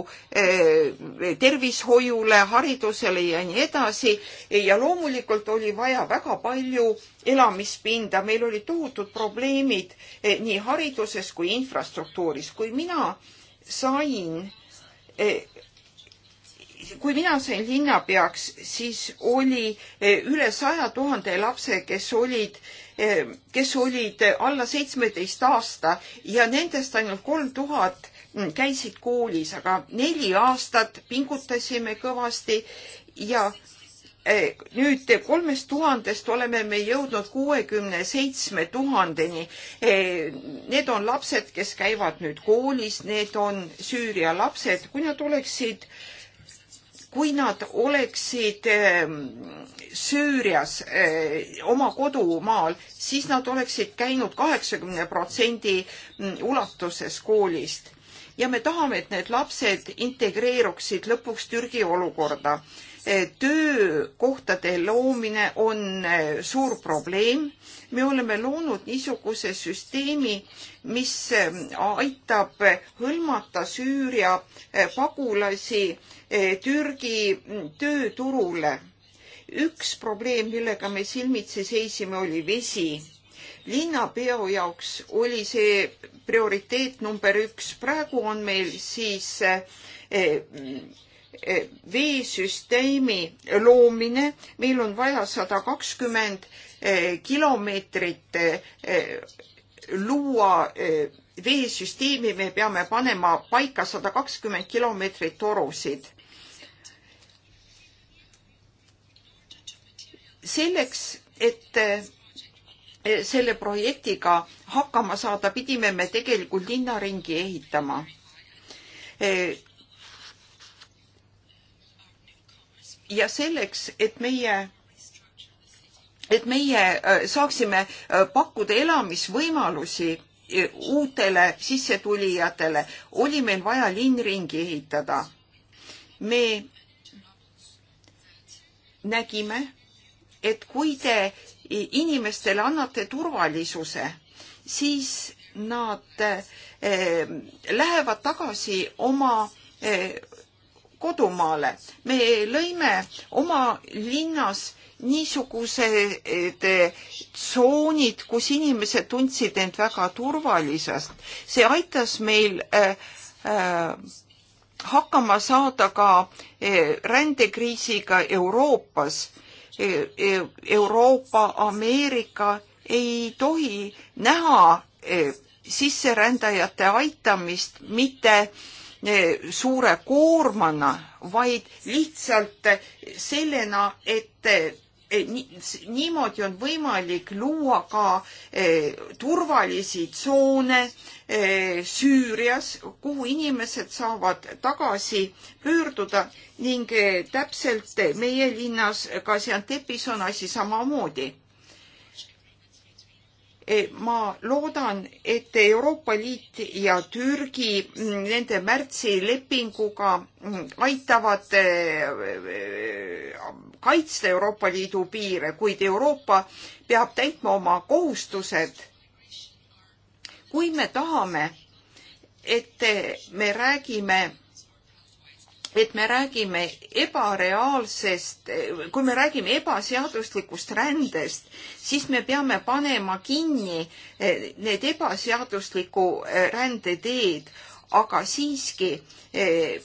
tervishoiule, haridusele ja nii edasi. ja loomulikult oli vaja väga palju elamispinda, meil olid tohutud probleemid nii hariduses kui infrastruktuuris. kui mina sain Eh, kui mina sain linnapeaks, siis oli eh, üle saja tuhande lapse, kes olid, eh, kes olid alla seitsmeteist aasta ja nendest ainult kolm tuhat mm, käisid koolis, aga neli aastat pingutasime kõvasti ja Eh, nüüd kolmest tuhandest oleme me jõudnud kuuekümne seitsme tuhandeni. Eh, need on lapsed, kes käivad nüüd koolis, need on Süüria lapsed, kui nad oleksid, kui nad oleksid ehm, Süürias eh, oma kodumaal, siis nad oleksid käinud kaheksakümne protsendi mm, ulatuses koolist ja me tahame, et need lapsed integreeruksid lõpuks Türgi olukorda töökohtade loomine on eh, suur probleem. me oleme loonud niisuguse süsteemi, mis eh, aitab hõlmata Süüria eh, pagulasi Türgi mm, tööturule. üks probleem, millega me silmitsi seisime, oli vesi linnapeo jaoks oli see prioriteet number üks. praegu on meil siis mm, veesüsteemi loomine, meil on vaja sada kakskümmend eh, kilomeetrit eh, luua eh, veesüsteemi, me peame panema paika sada kakskümmend kilomeetrit torusid. selleks, et selle projektiga hakkama saada, pidime me tegelikult linnaringi ehitama ja selleks, et meie et meie äh, saaksime äh, pakkuda elamisvõimalusi äh, uutele sissetulijatele, oli meil vaja linn ringi ehitada. me nägime, et kui te inimestele annate turvalisuse, siis nad lähevad tagasi oma kodumaale. me lõime oma linnas niisugused eh, tsoonid, kus inimesed tundsid end väga turvalisest. see aitas meil äh, äh, hakkama saada ka äh, rändekriisiga Euroopas e. Euroopa, Ameerika ei tohi näha sisserändajate aitamist mitte äh, Eh, suure koormana, vaid lihtsalt sellena, et eh, eh, niimoodi on võimalik luua ka turvalisi tsoone Süürias, kuhu inimesed saavad tagasi pöörduda ning täpselt meie linnas Gaziantepis on asi samamoodi E, ma loodan, et Euroopa Liit ja Türgi mm, nende märtsi lepinguga mm, aitavad e, e, kaitsta Euroopa Liidu piire, kuid Euroopa peab täitma oma kohustused. kui me tahame, et me räägime et me räägime ebareaalsest, kui me räägime ebaseaduslikust rändest, siis me peame panema kinni eh, need ebaseadusliku eh, rände teed, aga siiski te eh,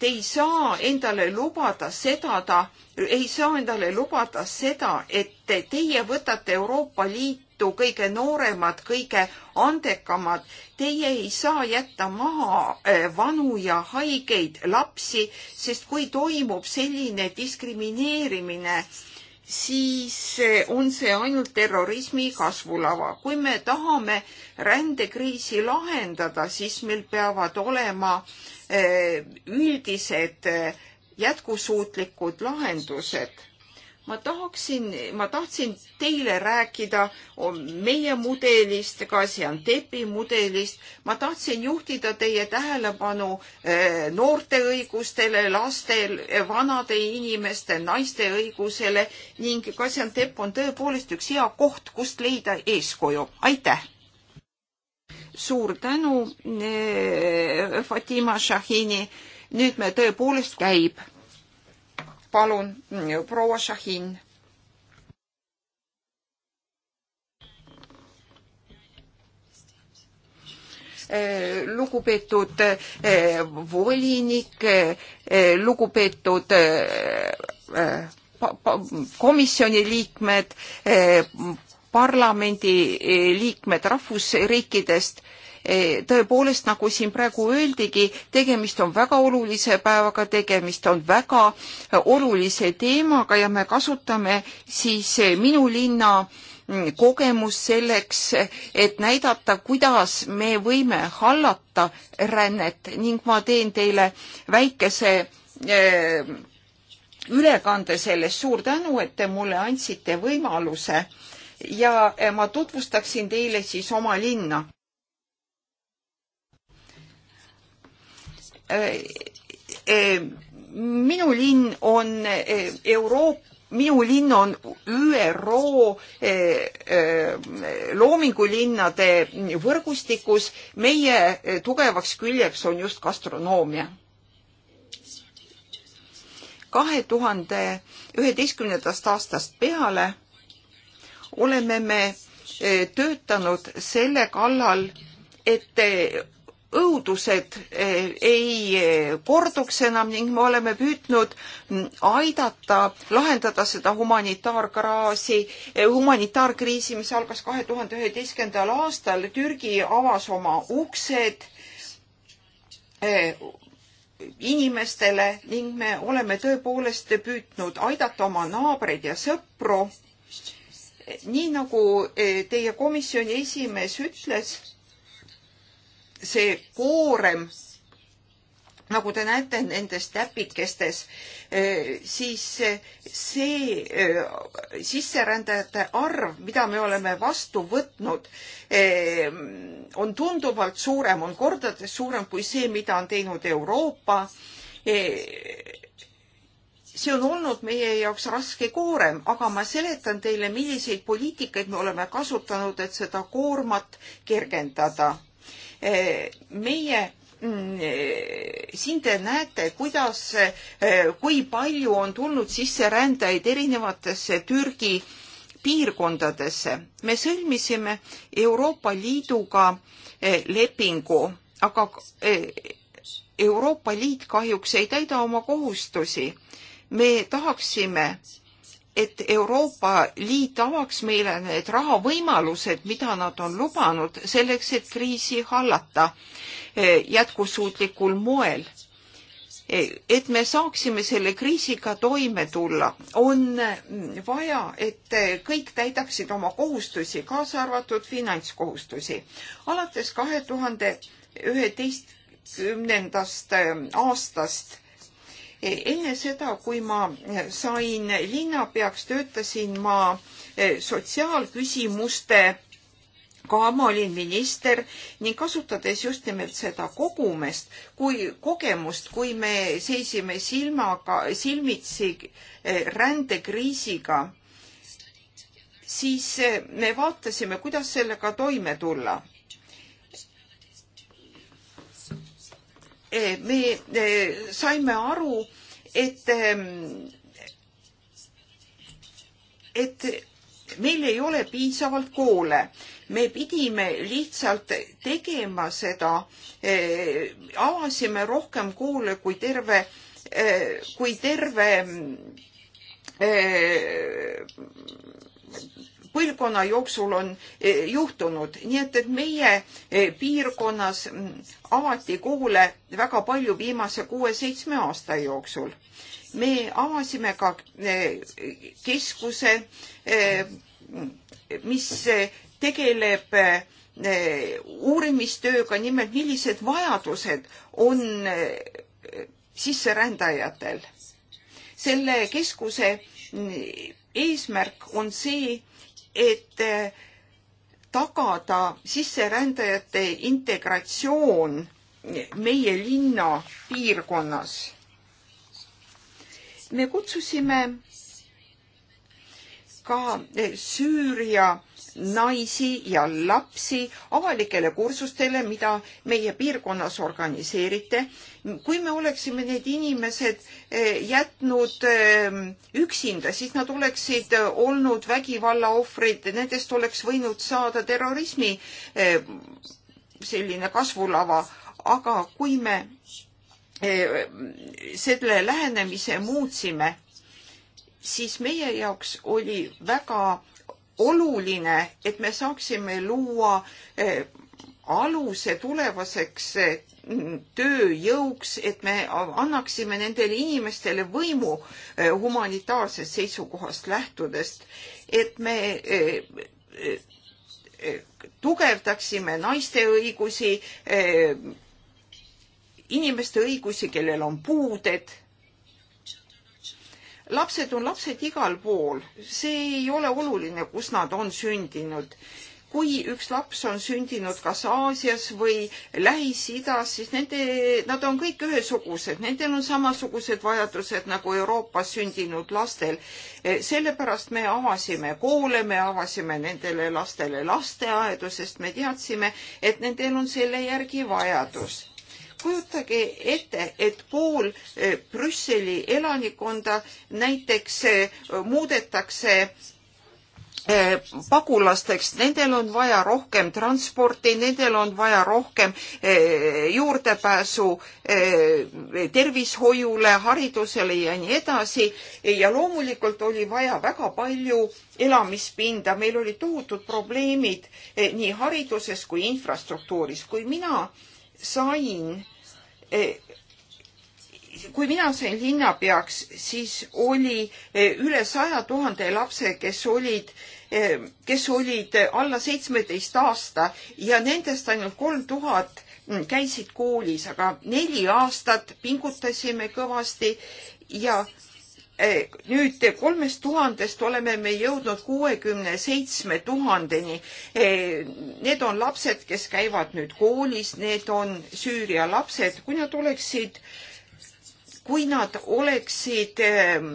ei saa endale lubada seda, ta ei saa endale lubada seda, et teie võtate Euroopa Liit mitu kõige nooremat, kõige andekamad. Teie ei saa jätta maha eh, vanu ja haigeid lapsi, sest kui toimub selline diskrimineerimine, siis eh, on see ainult terrorismi kasvulava. kui me tahame rändekriisi lahendada, siis meil peavad olema eh, üldised jätkusuutlikud lahendused ma tahaksin, ma tahtsin teile rääkida meie mudelist, Gaziantepi mudelist. ma tahtsin juhtida teie tähelepanu eh, noorte õigustele, lastel, vanade inimeste, naiste õigusele ning Gaziantep on tõepoolest üks hea koht, kust leida eeskuju. aitäh! suur tänu, eh, Fatima Shahini. nüüd me tõepoolest käib palun, proua Šahin. Eh, lugupeetud eh, volinik, eh, lugupeetud komisjoni liikmed, parlamendi liikmed rahvusriikidest Eh, tõepoolest, nagu siin praegu öeldigi, tegemist on väga olulise päevaga, tegemist on väga eh, olulise teemaga ja me kasutame siis eh, minu linna mm, kogemus selleks, et näidata, kuidas me võime hallata rännet ning ma teen teile väikese ülekande sellest. suur tänu, et te mulle andsite võimaluse ja ma tutvustaksin teile siis oma linna. Äh, äh, minu linn on äh, Euroopa minu linn on ÜRO loomingulinnade võrgustikus. meie tugevaks küljeks on just gastronoomia. kahe tuhande üheteistkümnendast aastast peale oleme me töötanud selle kallal, et õudused eh, ei eh, korduks enam ning me oleme püüdnud mm, aidata lahendada seda humanitaarkraasi, eh, humanitaarkriisi, mis algas kahe tuhande üheteistkümnendal aastal. Türgi avas oma uksed inimestele ning me oleme tõepoolest püüdnud aidata oma naabreid ja sõpru. nii nagu teie komisjoni esimees ütles see koorem, nagu te näete nendes täpikestes, eh, siis see eh, sisserändajate arv, mida me oleme vastu võtnud, eh, on tunduvalt suurem, on kordades suurem kui see, mida on teinud Euroopa see on olnud meie jaoks raske koorem, aga ma seletan teile, milliseid poliitikaid me oleme kasutanud, et seda koormat kergendada. Eh, meie mm, eh, siin te näete, kuidas, eh, kui palju on tulnud sisserändajaid erinevatesse Türgi piirkondadesse. me sõlmisime Euroopa Liiduga lepingu, aga Euroopa Liit kahjuks ei täida oma kohustusi. me tahaksime et Euroopa Liit avaks meile need rahavõimalused, mida nad on lubanud selleks, et kriisi hallata e, jätkusuutlikul moel. E, et me saaksime selle kriisiga toime tulla, on vaja, et kõik täidaksid oma kohustusi, kaasa arvatud finantskohustusi. alates kahe tuhande üheteistkümnendast aastast enne seda, kui ma sain linnapeaks, töötasin ma e, sotsiaalküsimuste ka ma olin minister ning kasutades just nimelt seda kogumest kui kogemust, kui me seisime silmaga, silmitsi e, rändekriisiga, siis e, me vaatasime, kuidas sellega toime tulla Eh, me eh, saime aru, et, ehm, et meil ei ole piisavalt koole. me pidime lihtsalt tegema seda, eh, avasime rohkem koole kui terve, kui terve põlvkonna jooksul on eh, juhtunud, nii et, et meie eh, piirkonnas mm, avati koole väga palju viimase kuue-seitsme aasta jooksul. me avasime ka eh, keskuse, mis tegeleb uurimistööga, nimelt millised vajadused on sisserändajatel. selle keskuse mm, eesmärk on see, et eh, tagada sisserändajate integratsioon meie linna piirkonnas. me kutsusime ka eh, Süüria naisi ja lapsi avalikele kursustele, mida meie piirkonnas organiseerite. kui me oleksime need inimesed eh, jätnud eh, üksinda, siis nad oleksid eh, olnud vägivalla ohvrid, nendest oleks võinud saada terrorismi selline kasvulava, aga kui me selle lähenemise muutsime, siis meie jaoks oli väga oluline, et me saaksime luua eh, aluse tulevaseks eh, tööjõuks, et me annaksime nendele inimestele võimu eh, humanitaarsest seisukohast lähtudest, et me tugevdaksime naiste õigusi, inimeste õigusi, kellel on puuded lapsed on lapsed igal pool, see ei ole oluline, kus nad on sündinud. kui üks laps on sündinud kas Aasias või Lähis-Idas, siis nende, nad on kõik ühesugused, nendel on samasugused vajadused nagu Euroopas sündinud lastel. Eh, sellepärast me avasime koole, me avasime nendele lastele lasteaedu, sest me teadsime, et nendel on selle järgi vajadus kujutage ette, et pool eh, Brüsseli elanikkonda näiteks eh, muudetakse eh, pagulasteks, nendel on vaja rohkem transporti, nendel on vaja rohkem juurdepääsu tervishoiule, haridusele ja nii edasi. ja loomulikult oli vaja väga palju elamispinda, meil olid tohutud probleemid nii hariduses kui infrastruktuuris. kui mina sain eh, kui mina sain linnapeaks, siis oli eh, üle saja tuhande lapse, kes olid, eh, kes olid alla seitsmeteist aasta ja nendest ainult kolm tuhat mm, käisid koolis, aga neli aastat pingutasime kõvasti ja Eh, nüüd kolmest tuhandest oleme me jõudnud kuuekümne seitsme tuhandeni. Eh, need on lapsed, kes käivad nüüd koolis, need on Süüria lapsed, kui nad oleksid, kui nad oleksid ehm,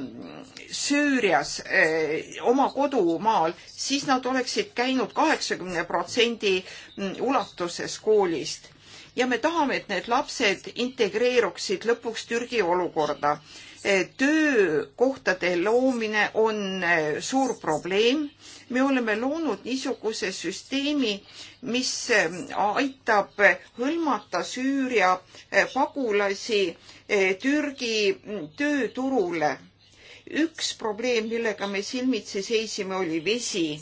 Süürias eh, oma kodumaal, siis nad oleksid käinud kaheksakümne protsendi mm, ulatuses koolist ja me tahame, et need lapsed integreeruksid lõpuks Türgi olukorda töökohtade loomine on eh, suur probleem. me oleme loonud niisuguse süsteemi, mis eh, aitab hõlmata Süüria eh, pagulasi Türgi mm, tööturule. üks probleem, millega me silmitsi seisime, oli vesi.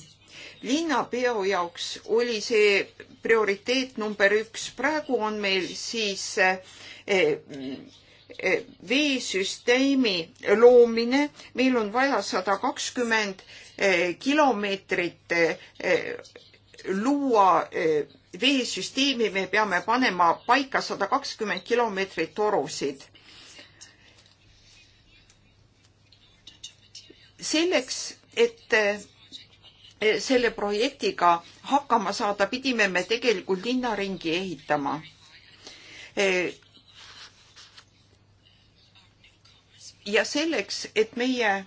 linnapeo jaoks oli see prioriteet number üks, praegu on meil siis mm, veesüsteemi loomine, meil on vaja sada kakskümmend eh, kilomeetrit eh, luua eh, veesüsteemi, me peame panema paika sada kakskümmend kilomeetrit torusid. selleks, et selle projektiga hakkama saada, pidime me tegelikult linnaringi ehitama ja selleks, et meie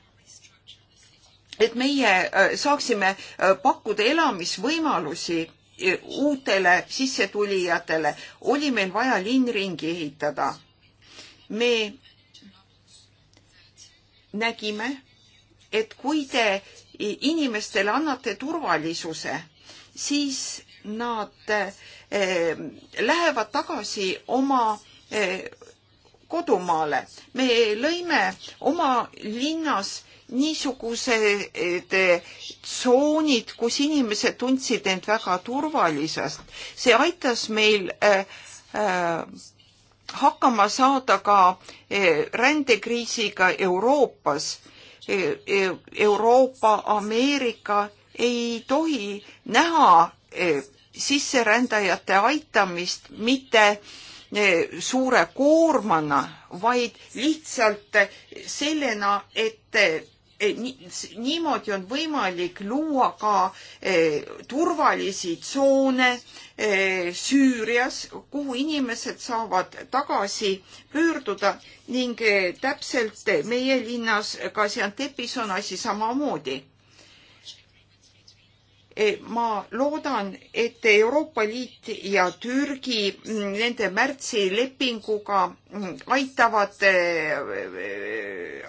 et meie äh, saaksime äh, pakkuda elamisvõimalusi äh, uutele sissetulijatele, oli meil vaja linn ringi ehitada. me nägime, et kui te inimestele annate turvalisuse, siis nad lähevad tagasi oma kodumaale. me lõime oma linnas niisugused eh, tsoonid, kus inimesed tundsid end väga turvalisest. see aitas meil äh, äh, hakkama saada ka äh, rändekriisiga Euroopas e. Euroopa, Ameerika ei tohi näha sisserändajate aitamist mitte äh, Eh, suure koormana, vaid lihtsalt sellena, et eh, niimoodi on võimalik luua ka eh, turvalisi tsoone Süürias, kuhu inimesed saavad tagasi pöörduda ning täpselt meie linnas Gaziantepis on asi samamoodi Eh, ma loodan, et Euroopa Liit ja Türgi mm, nende märtsi lepinguga mm, aitavad eh,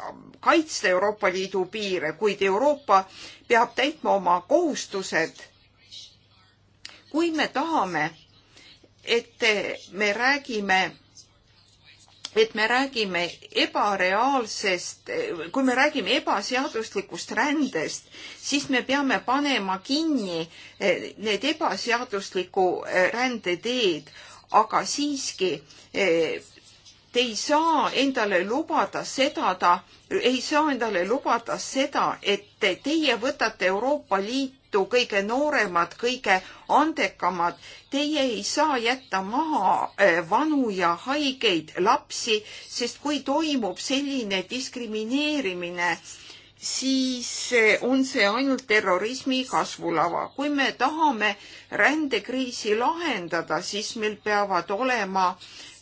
kaitsta Euroopa Liidu piire, kuid Euroopa peab täitma oma kohustused. kui me tahame, et me räägime et me räägime ebareaalsest, kui me räägime ebaseaduslikust rändest, siis me peame panema kinni eh, need ebaseadusliku eh, rände teed, aga siiski eh, te ei saa endale lubada seda, ta ei saa endale lubada seda, et teie võtate Euroopa Liitu Liitu kõige nooremad, kõige andekamad. Teie ei saa jätta maha eh, vanu ja haigeid lapsi, sest kui toimub selline diskrimineerimine, siis eh, on see ainult terrorismi kasvulava. kui me tahame rändekriisi lahendada, siis meil peavad olema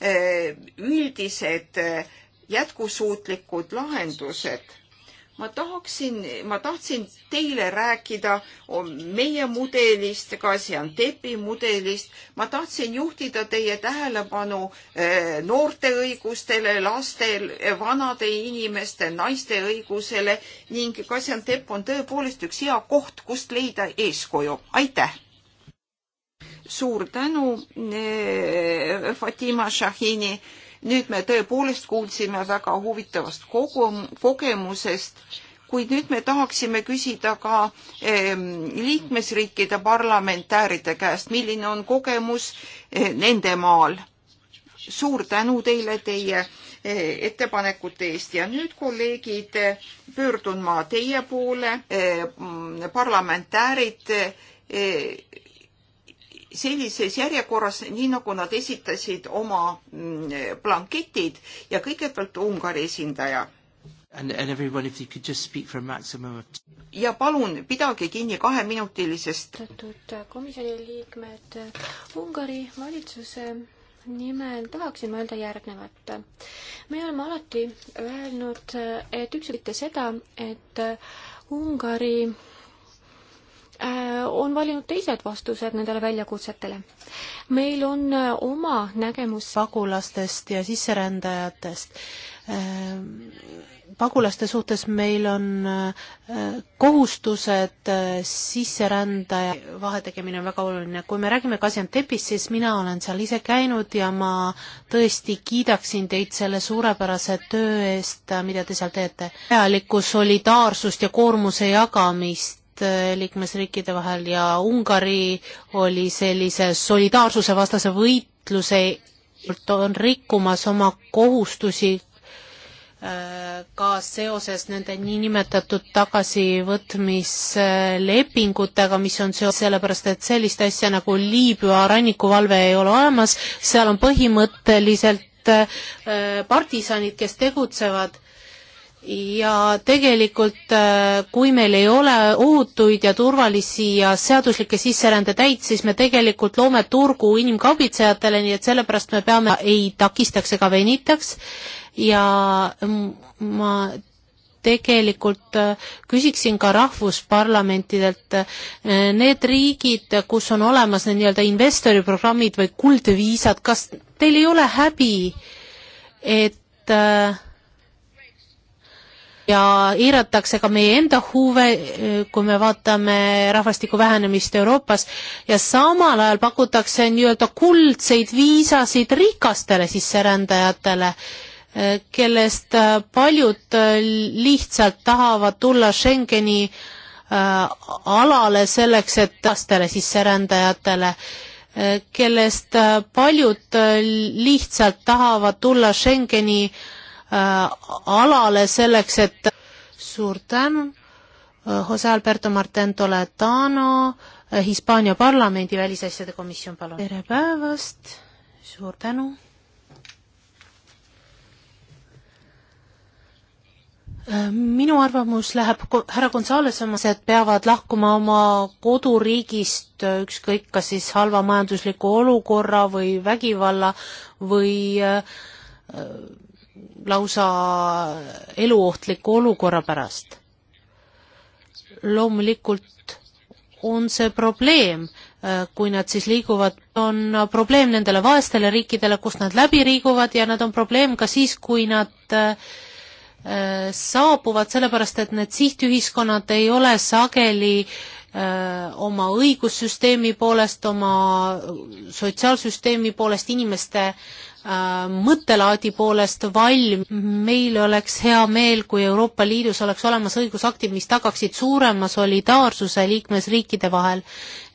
eh, üldised jätkusuutlikud lahendused ma tahaksin, ma tahtsin teile rääkida meie mudelist, Gaziantepi mudelist. ma tahtsin juhtida teie tähelepanu eh, noorte õigustele, lastel, vanade inimeste, naiste õigusele ning Gaziantep on tõepoolest üks hea koht, kust leida eeskuju. aitäh! suur tänu, eh, Fatima Shahini nüüd me tõepoolest kuulsime väga huvitavast kogemusest, kuid nüüd me tahaksime küsida ka ehm, liikmesriikide parlamentääride käest, milline on kogemus eh, nende maal. suur tänu teile teie eh, ettepanekute eest ja nüüd kolleegid, eh, pöördun ma teie poole, parlamentäärid sellises järjekorras, nii nagu nad esitasid oma mm, blanketid ja kõigepealt Ungari esindaja. And, and everyone, if you could just speak for a maximum of ja palun pidage kinni kaheminutilisest. teatud komisjoni liikmed Ungari valitsuse nimel tahaksin ma öelda järgnevat. me oleme alati öelnud, et üks ütlete seda, et Ungari Äh, on valinud teised vastused nendele väljakutsetele. meil on äh, oma nägemus pagulastest ja sisserändajatest. Äh, pagulaste suhtes meil on kohustused, sisserändaja vahetegemine on väga oluline. kui me räägime Gaziantepist, siis mina olen seal ise käinud ja ma tõesti kiidaksin teid selle suurepärase töö eest, mida te seal teete. vajalikku solidaarsust ja koormuse jagamist Äh, liikmesriikide vahel ja Ungari oli sellise solidaarsuse vastase võitluse, on rikkumas oma kohustusi äh, ka seoses nende niinimetatud tagasivõtmislepingutega, mis on seotud sellepärast, et sellist asja nagu Liibüa rannikuvalve ei ole olemas, seal on põhimõtteliselt äh, partisanid, kes tegutsevad ja tegelikult, äh, kui meil ei ole ohutuid ja turvalisi ja seaduslikke sisserände täit, siis me tegelikult loome turgu inimkaubitsejatele, nii et sellepärast me peame, ei takistaks ega venitaks ja ma tegelikult äh, küsiksin ka rahvusparlamentidelt, äh, need riigid, kus on olemas need nii-öelda investoriprogrammid või kuldviisad, kas teil ei ole häbi, et äh, ja eiratakse ka meie enda huve, eh, kui me vaatame rahvastiku vähenemist Euroopas ja samal ajal pakutakse nii-öelda kuldseid viisasid rikastele sisserändajatele, eh, kellest eh, paljud lihtsalt tahavad tulla Schengeni alale selleks, et lastele sisserändajatele, kellest paljud lihtsalt tahavad tulla Schengeni äh, Äh, alale selleks, et suur tänu, äh, Jose Alberto Marten Toledano, äh, Hispaania parlamendi välisasjade komisjon, palun. tere päevast, suur tänu. minu arvamus läheb härra Gonzales samas, et peavad lahkuma oma koduriigist, ükskõik kas siis halva majandusliku olukorra või vägivalla või äh, lausa eluohtliku olukorra pärast. loomulikult on see probleem, äh, kui nad siis liiguvad, on probleem nendele vaestele riikidele, kus nad läbi liiguvad ja nad on probleem ka siis, kui nad äh, äh, saabuvad, sellepärast et need sihtühiskonnad ei ole sageli oma õigussüsteemi poolest, oma sotsiaalsüsteemi poolest inimeste Äh, mõttelaadi poolest valm-, meil oleks hea meel, kui Euroopa Liidus oleks olemas õigusaktid, mis tagaksid suurema solidaarsuse liikmesriikide vahel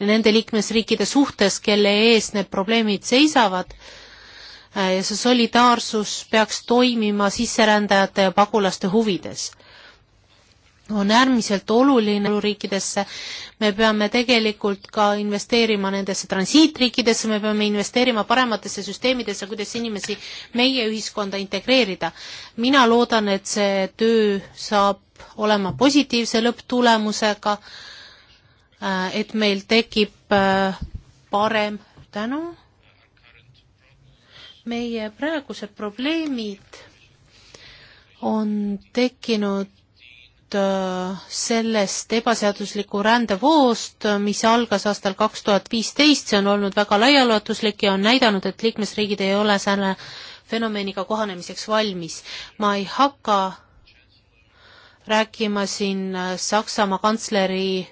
ja nende liikmesriikide suhtes, kelle ees need probleemid seisavad, äh, ja see solidaarsus peaks toimima sisserändajate ja pagulaste huvides on äärmiselt oluline riikidesse, me peame tegelikult ka investeerima nendesse transiitriikidesse, me peame investeerima parematesse süsteemidesse, kuidas inimesi meie ühiskonda integreerida. mina loodan, et see töö saab olema positiivse lõpptulemusega, äh, et meil tekib äh, parem tänu, meie praegused probleemid on tekkinud Äh, sellest ebaseadusliku rändevoost, äh, mis algas aastal kaks tuhat viisteist, see on olnud väga laialatuslik ja on näidanud, et liikmesriigid ei ole selle fenomeniga kohanemiseks valmis. ma ei hakka rääkima siin äh, Saksamaa kantsleri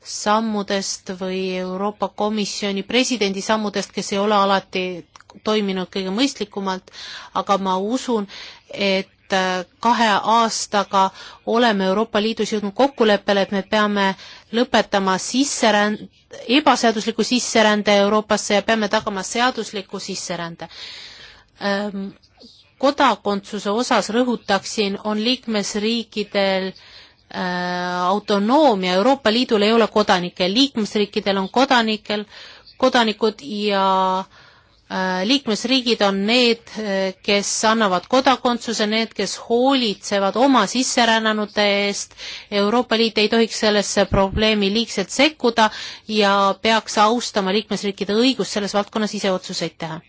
sammudest või Euroopa Komisjoni presidendi sammudest, kes ei ole alati toiminud kõige mõistlikumalt, aga ma usun, et et äh, kahe aastaga oleme Euroopa Liidus jõudnud kokkuleppele, et me peame lõpetama sisseränd-, ebaseadusliku sisserände Euroopasse ja peame tagama seadusliku sisserände. Ähm, kodakondsuse osas rõhutaksin, on liikmesriikidel äh, autonoomia, Euroopa Liidul ei ole kodanikke, liikmesriikidel on kodanikel, kodanikud ja äh, Äh, liikmesriigid on need, äh, kes annavad kodakondsuse, need, kes hoolitsevad oma sisserännanute eest. Euroopa Liit ei tohiks sellesse probleemi liigselt sekkuda ja peaks austama liikmesriikide õigust selles valdkonnas ise otsuseid teha.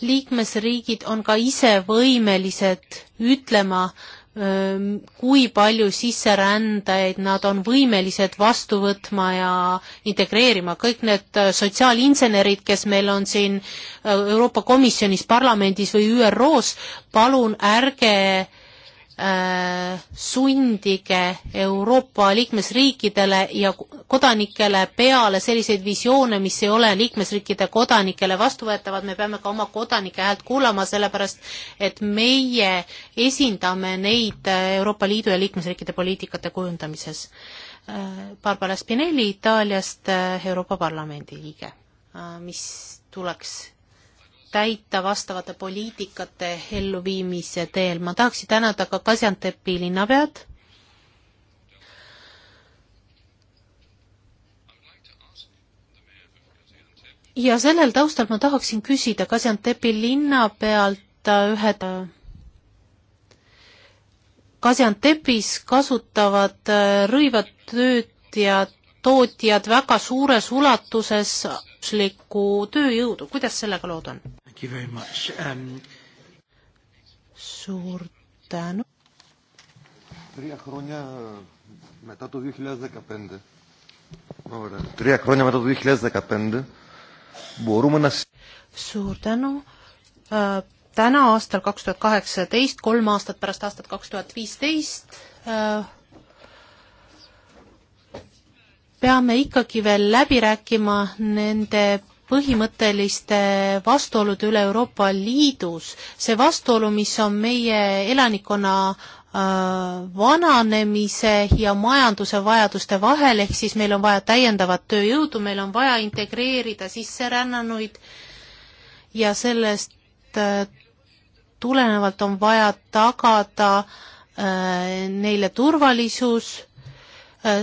liikmesriigid on ka ise võimelised ütlema, kui palju sisserändajaid nad on võimelised vastu võtma ja integreerima. kõik need äh, sotsiaalinsenerid, kes meil on siin äh, Euroopa Komisjonis, parlamendis või ÜRO-s, palun ärge äh, Äh, sundige Euroopa liikmesriikidele ja kodanikele peale selliseid visioone, mis ei ole liikmesriikide kodanikele vastuvõetavad, me peame ka oma kodanike häält kuulama, sellepärast et meie esindame neid Euroopa Liidu ja liikmesriikide poliitikate kujundamises. Äh, Barbara Spinelli Itaaliast, äh, Euroopa Parlamendi liige, mis tuleks täita vastavate poliitikate elluviimise teel. ma tahaksin tänada ka Kasjantepi linnapead. ja sellel taustal ma tahaksin küsida Kasjantepi linnapealt ühe Kasjantepis kasutavad äh, rõivatöötajad, tootjad väga suures ulatuses tööjõudu, kuidas sellega lood on? you very much um.... suur tänu. Τρία χρόνια μετά το 2015. Ωραία. Τρία χρόνια μετά το 2015 μπορούμε να... Suur tänu. Äh, täna aastal 2018, kolm aastat pärast aastat 2015 äh, peame ikkagi veel läbi rääkima nende põhimõtteliste vastuolude üle Euroopa Liidus, see vastuolu, mis on meie elanikkonna äh, vananemise ja majanduse vajaduste vahel, ehk siis meil on vaja täiendavat tööjõudu, meil on vaja integreerida sisserännanuid ja sellest äh, tulenevalt on vaja tagada äh, neile turvalisus,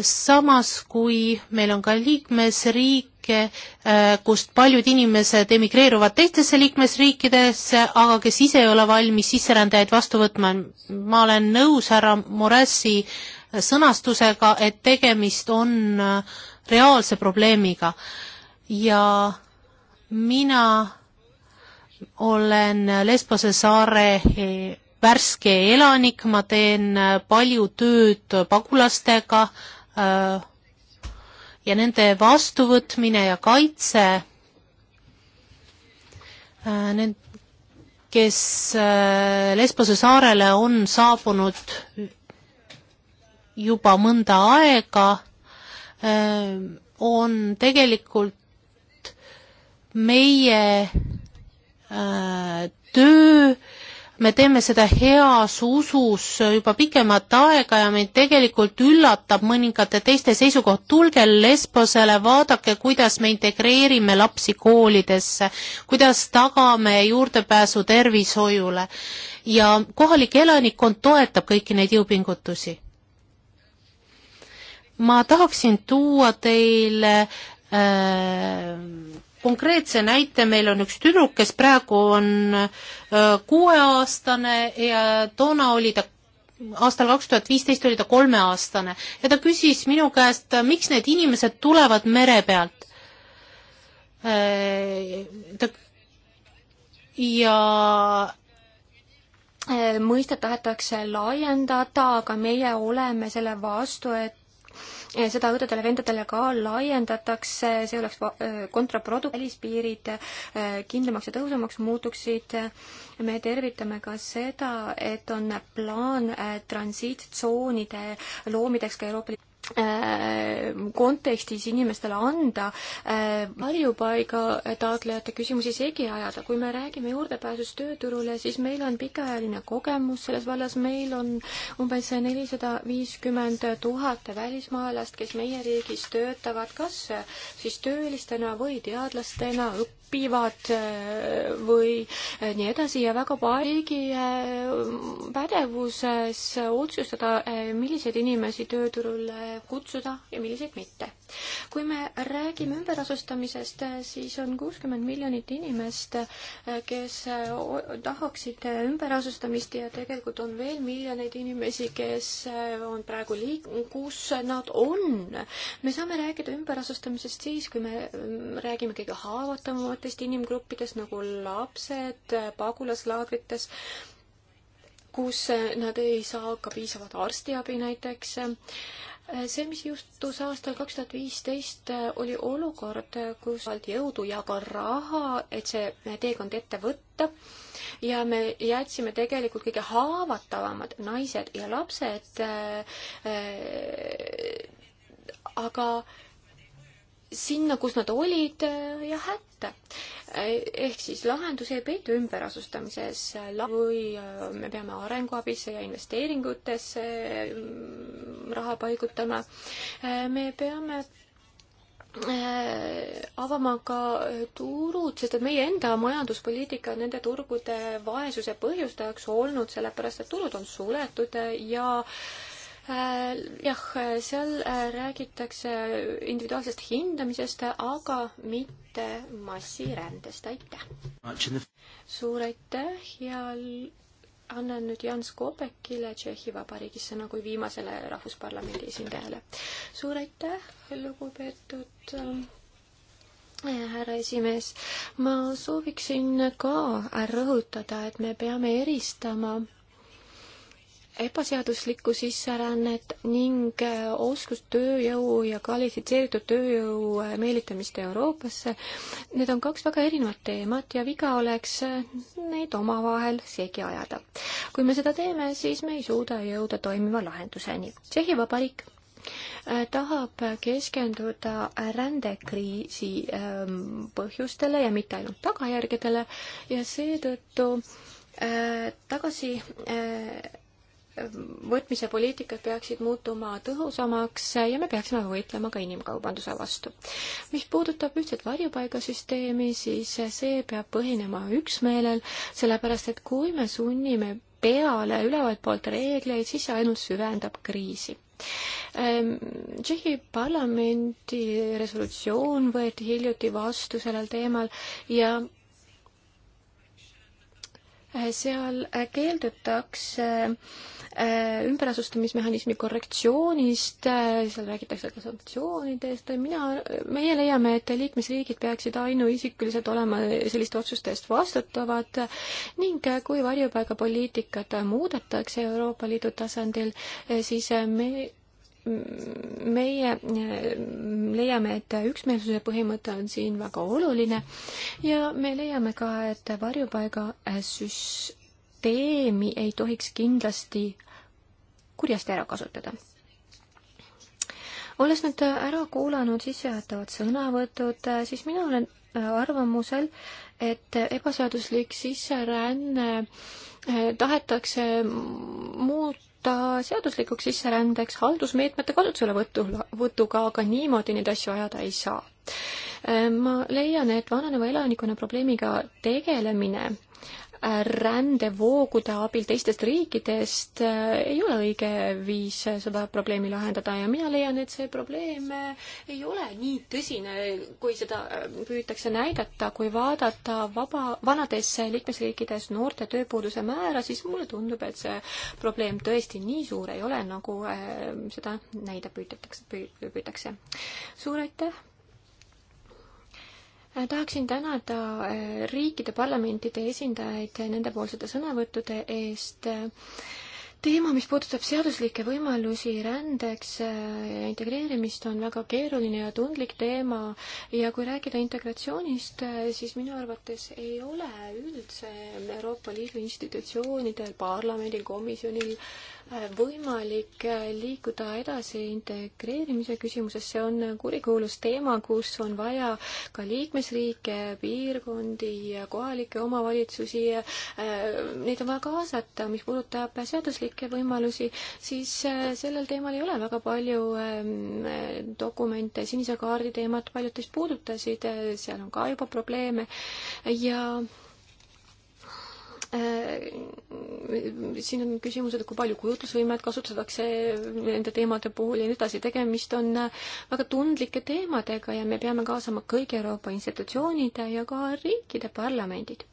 samas kui meil on ka liikmesriik, riike, äh, kust paljud inimesed emigreeruvad teistesse liikmesriikidesse, aga kes ise ei ole valmis sisserändajaid vastu võtma. ma olen nõus härra Moressi sõnastusega, et tegemist on äh, reaalse probleemiga ja mina olen Lesbose saare äh, värske elanik, ma teen palju tööd pagulastega äh,, ja nende vastuvõtmine ja kaitse, äh, need, kes äh, Lesbose saarele on saabunud juba mõnda aega, äh, on tegelikult meie töö me teeme seda heas usus juba pikemat aega ja meid tegelikult üllatab mõningate teiste seisukoht. tulge Lesbosele, vaadake, kuidas me integreerime lapsi koolidesse, kuidas tagame juurdepääsu tervishoiule ja kohalik elanikkond toetab kõiki neid jõupingutusi. ma tahaksin tuua teile äh, konkreetse näite, meil on üks tüdruk, kes praegu on äh, kuueaastane ja toona oli ta aastal kaks tuhat viisteist oli ta kolmeaastane ja ta küsis minu käest, äh, miks need inimesed tulevad mere pealt. Äh, ta ja mõistet tahetakse laiendada, aga meie oleme selle vastu, et seda õdedele-vendadele ka laiendatakse, see oleks äh, kontraprodukt, välispiirid äh, kindlamaks ja tõhusamaks muutuksid. me tervitame ka seda, et on plaan äh, transiitsoonide loomideks ka Euroopa Liidu Äh, kontekstis inimestele anda äh, varjupaiga taotlejate küsimusi segi ajada. kui me räägime juurdepääsust tööturule, siis meil on pikaajaline kogemus selles vallas, meil on umbes nelisada viiskümmend tuhat välismaalast, kes meie riigis töötavad kas siis töölistena või teadlastena, õppijatena õpivad äh, või äh, nii edasi ja väga paljugi äh, pädevuses otsustada, milliseid inimesi tööturule kutsuda ja milliseid mitte kui me räägime ümberasustamisest, siis on kuuskümmend miljonit inimest, kes tahaksid ümberasustamist ja tegelikult on veel miljoneid inimesi, kes on praegu liik-, kus nad on. me saame rääkida ümberasustamisest siis, kui me räägime kõige haavatavamatest inimgruppidest nagu lapsed pagulaslaagrites kus nad ei saa ka piisavat arstiabi näiteks see, mis juhtus aastal kaks tuhat viisteist, oli olukord, kus oldi jõudu ja ka raha, et see teekond ette võtta ja me jätsime tegelikult kõige haavatavamad naised ja lapsed äh,. aga sinna, kus nad olid äh, ja hätta mitte. ehk siis lahendus ei peitu ümberasustamises või äh, me peame arenguabisse ja investeeringutesse mm, raha paigutama. Äh, me peame äh, avama ka turud, sest et meie enda majanduspoliitika on nende turgude vaesuse põhjustajaks olnud, sellepärast et turud on suletud ja äh, Äh, jah, seal äh, räägitakse individuaalsest hindamisest, aga mitte massirändest, aitäh. suur aitäh ja annan nüüd Jan Skobekile Tšehhi Vabariigis sõna kui viimasele Rahvusparlamendi esindajale. suur aitäh, lugupeetud äh, härra esimees. ma sooviksin ka rõhutada, et me peame eristama ebaseaduslikku sisserännet ning äh, oskustööjõu ja kvalifitseeritud tööjõu äh, meelitamist Euroopasse. Need on kaks väga erinevat teemat ja viga oleks äh, neid omavahel segi ajada. kui me seda teeme, siis me ei suuda jõuda toimiva lahenduseni. Tšehhi Vabariik tahab keskenduda rändekriisi ähm, põhjustele ja mitte ainult tagajärgedele ja seetõttu tagasi võtmise poliitikad peaksid muutuma tõhusamaks ja me peaksime võitlema ka inimkaubanduse vastu. mis puudutab ühtset varjupaigasüsteemi, siis see peab põhinema üksmeelel, sellepärast et kui me sunnime peale ülevalt poolt reegleid, siis see ainult süvendab kriisi. Ehm, Tšehhi parlamendi resolutsioon võeti hiljuti vastu sellel teemal ja seal keeldutakse äh, ümberasustamismehhanismi korrektsioonist, äh, seal räägitakse ka sanktsioonidest, mina, meie leiame, et liikmesriigid peaksid ainuisikuliselt olema selliste otsuste eest vastutavad ning äh, kui varjupaigapoliitikat muudetakse Euroopa Liidu tasandil, siis me meie leiame, et üksmeelsuse põhimõte on siin väga oluline ja me leiame ka, et varjupaigasüsteemi ei tohiks kindlasti kurjasti ära kasutada olles nüüd ära kuulanud sissejuhatavad sõnavõtud, siis mina olen arvamusel, et ebaseaduslik sisseränne tahetakse muud muuta seaduslikuks sisserändeks haldusmeetmete kasutuselevõtu, võtuga, aga niimoodi neid asju ajada ei saa. Ehm, ma leian, et vananeva elanikkonna probleemiga tegelemine rändevoogude abil teistest riikidest äh, ei ole õige viis seda probleemi lahendada ja mina leian, et see probleem äh, ei ole nii tõsine, kui seda äh, püütakse näidata. kui vaadata vaba, vanades liikmesriikides noorte tööpuuduse määra, siis mulle tundub, et see probleem tõesti nii suur ei ole, nagu seda näida püütakse, püütakse. suur aitäh! Äh, tahaksin tänada äh, riikide parlamentide esindajaid nendepoolsete sõnavõttude eest. teema, mis puudutab seaduslikke võimalusi rändeks äh, ja integreerimist, on väga keeruline ja tundlik teema ja kui rääkida integratsioonist, siis minu arvates ei ole üldse Euroopa Liidu institutsioonidel, parlamendil, komisjonil võimalik liikuda edasi integreerimise küsimuses, see on kurikuulus teema, kus on vaja ka liikmesriike, piirkondi, kohalikke omavalitsusi, äh, neid on vaja kaasata, mis puudutab seaduslikke võimalusi, siis äh, sellel teemal ei ole väga palju ähm, dokumente, sinise kaardi teemat paljud teist puudutasid, äh, seal on ka juba probleeme ja Äh, siin on küsimused, kui palju kujutlusvõimet kasutatakse nende teemade puhul ja nii edasi, tegemist on äh, väga tundlike teemadega ja me peame kaasama kõik Euroopa institutsioonid ja ka riikide parlamendid.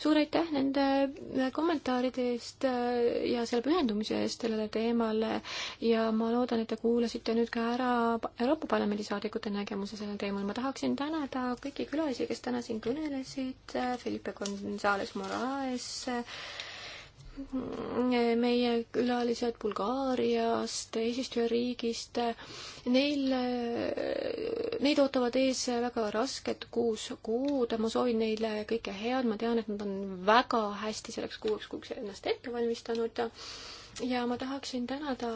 suur aitäh nende äh, kommentaaride eest ja selle pühendumise eest sellele teemale ja ma loodan, et te kuulasite nüüd ka ära Euroopa Parlamendi saadikute nägemuse sellel teemal. ma tahaksin tänada kõiki külalisi, kes täna siin kõnelesid, Felipe Gonzalez Morales, meie külalised Bulgaariast, eesistujariigist, neil, neid ootavad ees väga rasked kuus kuud, ma soovin neile kõike head, ma tean, et nad on väga hästi selleks kuueks kuuks ennast ette valmistanud ja ma tahaksin tänada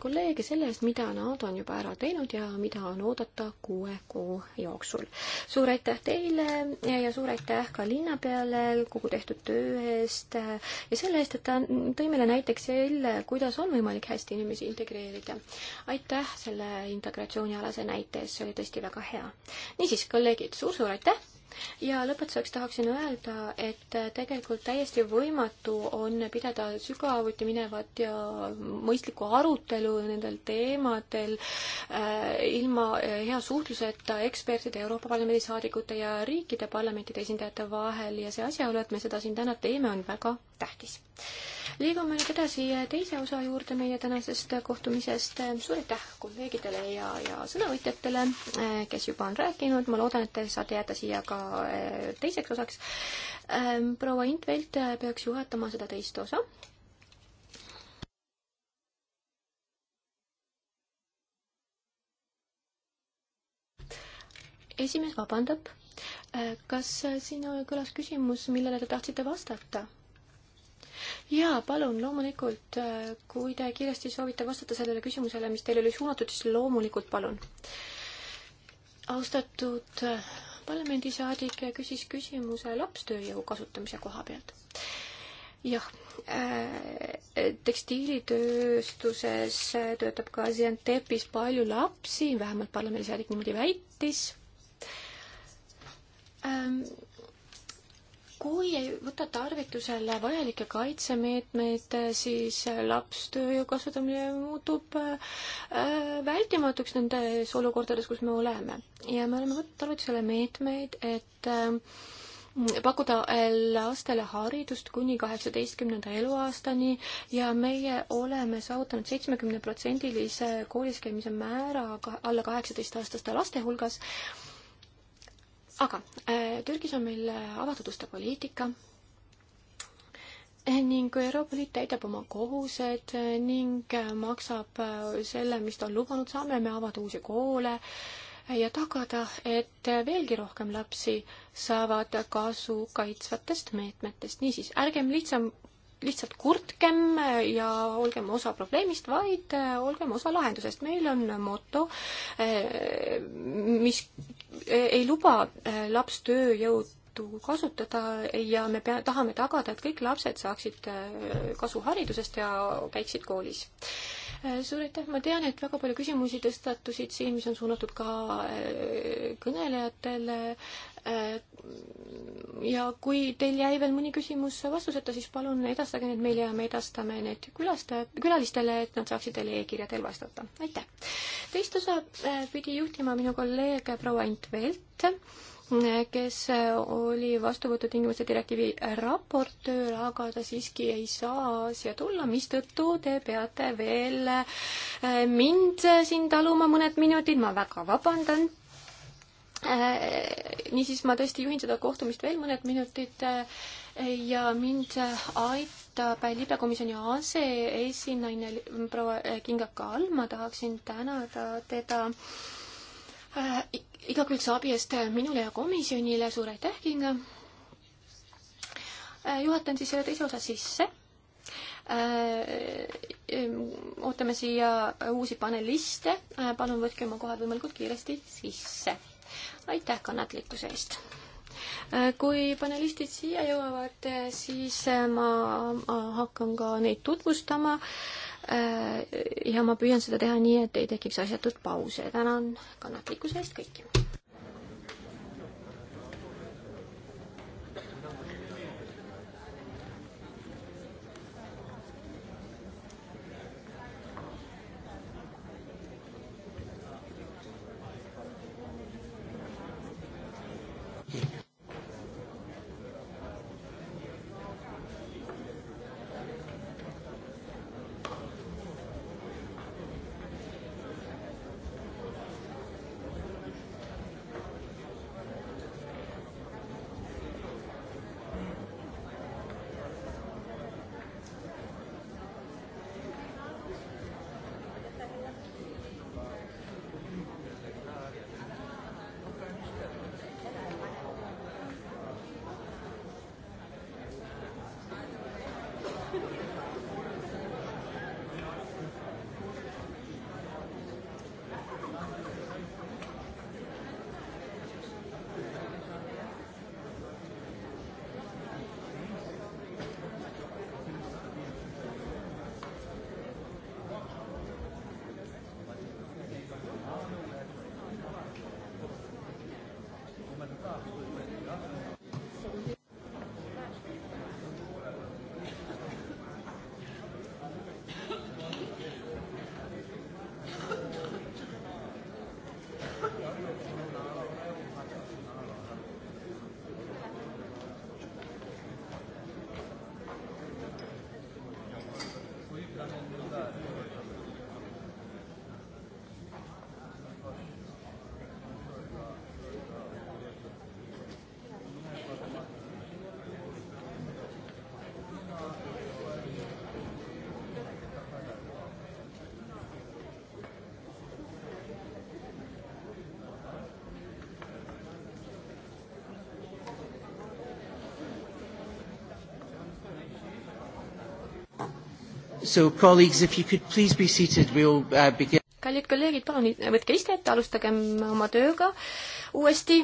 kolleege selle eest, mida nad on juba ära teinud ja mida on oodata kuue kuu jooksul. suur aitäh teile ja, ja suur aitäh ka linnapeale kogu tehtud töö eest ja selle eest, et ta tõi meile näiteks jälle, kuidas on võimalik hästi inimesi integreerida. aitäh selle integratsioonialase näite eest, see oli tõesti väga hea. niisiis, kolleegid suur,, suur-suur aitäh! ja lõpetuseks tahaksin öelda, et äh, tegelikult täiesti võimatu on pidada sügavuti minevat ja mõistlikku arutelu nendel teemadel äh, ilma äh, hea suhtluseta ekspertide, Euroopa Parlamendi saadikute ja riikide parlamentide esindajate vahel ja see asjaolu, et me seda siin täna teeme, on väga tähtis. liigume nüüd edasi äh, teise osa juurde meie tänasest kohtumisest. suur aitäh kolleegidele ja, ja sõnavõtjatele, kes juba on rääkinud, ma loodan, et te saate jääda siia ka teiseks osaks. Ähm, proua Intvelt peaks juhatama seda teist osa. esimees vabandab. Äh, kas siin kõlas küsimus, millele te tahtsite vastata? jaa, palun, loomulikult, äh, kui te kiiresti soovite vastata sellele küsimusele, mis teile oli suunatud, siis loomulikult palun. austatud äh, parlamendisaadik küsis küsimuse lapstööjõu kasutamise koha pealt. jah äh,, tekstiilitööstuses töötab ka Zientepis palju lapsi, vähemalt parlamendisaadik niimoodi väitis ähm, kui ei võta tarvitusele vajalikke kaitsemeetmeid, siis lapstööjõu kasutamine muutub äh, vältimatuks nendes olukordades, kus me oleme. ja me oleme võtnud tarvitusele meetmeid, et äh, pakkuda äh, lastele haridust kuni kaheksateistkümnenda eluaastani ja meie oleme saavutanud seitsmekümneprotsendilise koolis käimise määra alla kaheksateistaastaste laste hulgas aga äh, Türgis on meil avatud uste poliitika äh, ning kui Euroopa Liit täidab oma kohused äh, ning maksab selle, mis ta on lubanud, saame me avada uusi koole ja tagada, et veelgi rohkem lapsi saavad kasu kaitsvatest meetmetest. niisiis, ärgem lihtsam lihtsalt kurtkem ja olgem osa probleemist, vaid äh, olgem osa lahendusest. meil on moto, äh, mis äh, ei luba lapstööjõud kasutada ja me pea-, tahame tagada, et kõik lapsed saaksid kasu haridusest ja käiksid koolis. suur aitäh, ma tean, et väga palju küsimusi tõstatusid siin, mis on suunatud ka kõnelejatele. Äh, ja kui teil jäi veel mõni küsimus vastuseta, siis palun edastage need meile ja me edastame need külastajad, külalistele, et nad saaksid teile e-kirja teel vastata. aitäh! teist osa äh, pidi juhtima minu kolleeg proua Int Velt, äh, kes oli vastuvõtutingimuste direktiivi raportöör, aga ta siiski ei saa siia tulla, mistõttu te peate veel mind siin taluma mõned minutid, ma väga vabandan Äh, niisiis, ma tõesti juhin seda kohtumist veel mõned minutid äh, ja mind aitab libekomisjoni aseesinaine proua äh, Kinga Kalm, ma tahaksin tänada teda igakülgse abi eest minule ja komisjonile, suur aitäh, Kinga! juhatan siis selle teise osa sisse ootame siia uusi paneliste, palun võtke oma kohad võimalikult kiiresti sisse aitäh kannatlikkuse eest! kui panelistid siia jõuavad, siis äh, ma hakkan ka neid tutvustama äh, ja ma püüan seda teha nii, et ei tekiks asjatuid pause. tänan kannatlikkuse eest kõiki! So colleagues, if you could please be seated, we'll uh, begin. kallid kolleegid, palun võtke istet, alustagem oma tööga uuesti.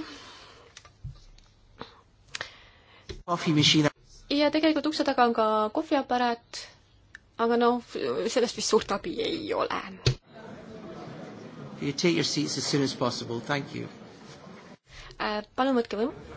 ja tegelikult ukse taga on ka kohviaparaat, aga noh, sellest vist suurt abi ei ole. You take your seats as soon as possible, thank you uh,. palun võtke võimalus.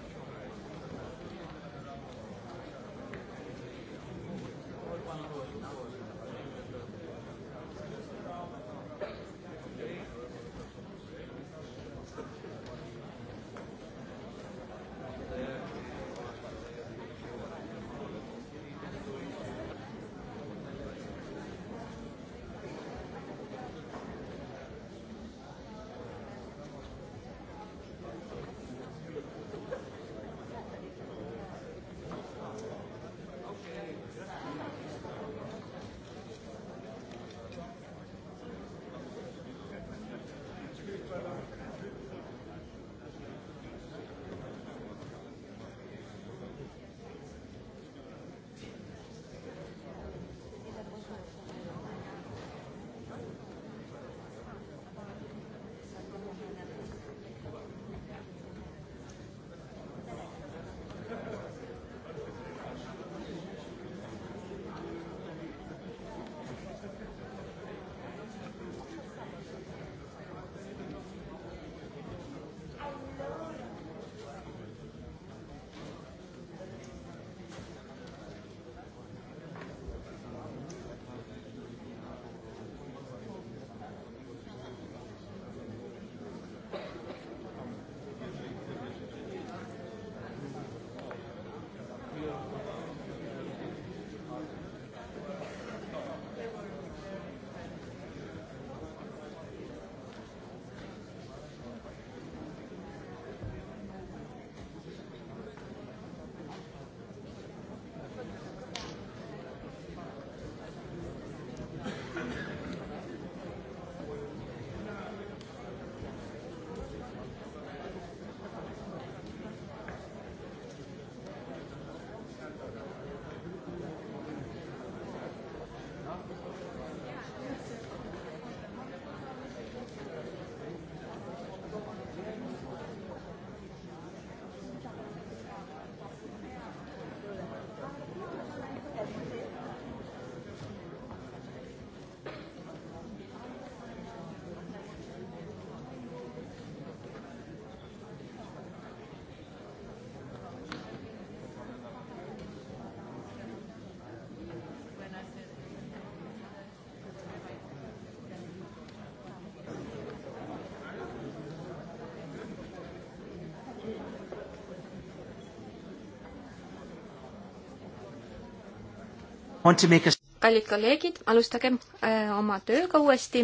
kallid kolleegid, alustagem äh, oma tööga uuesti.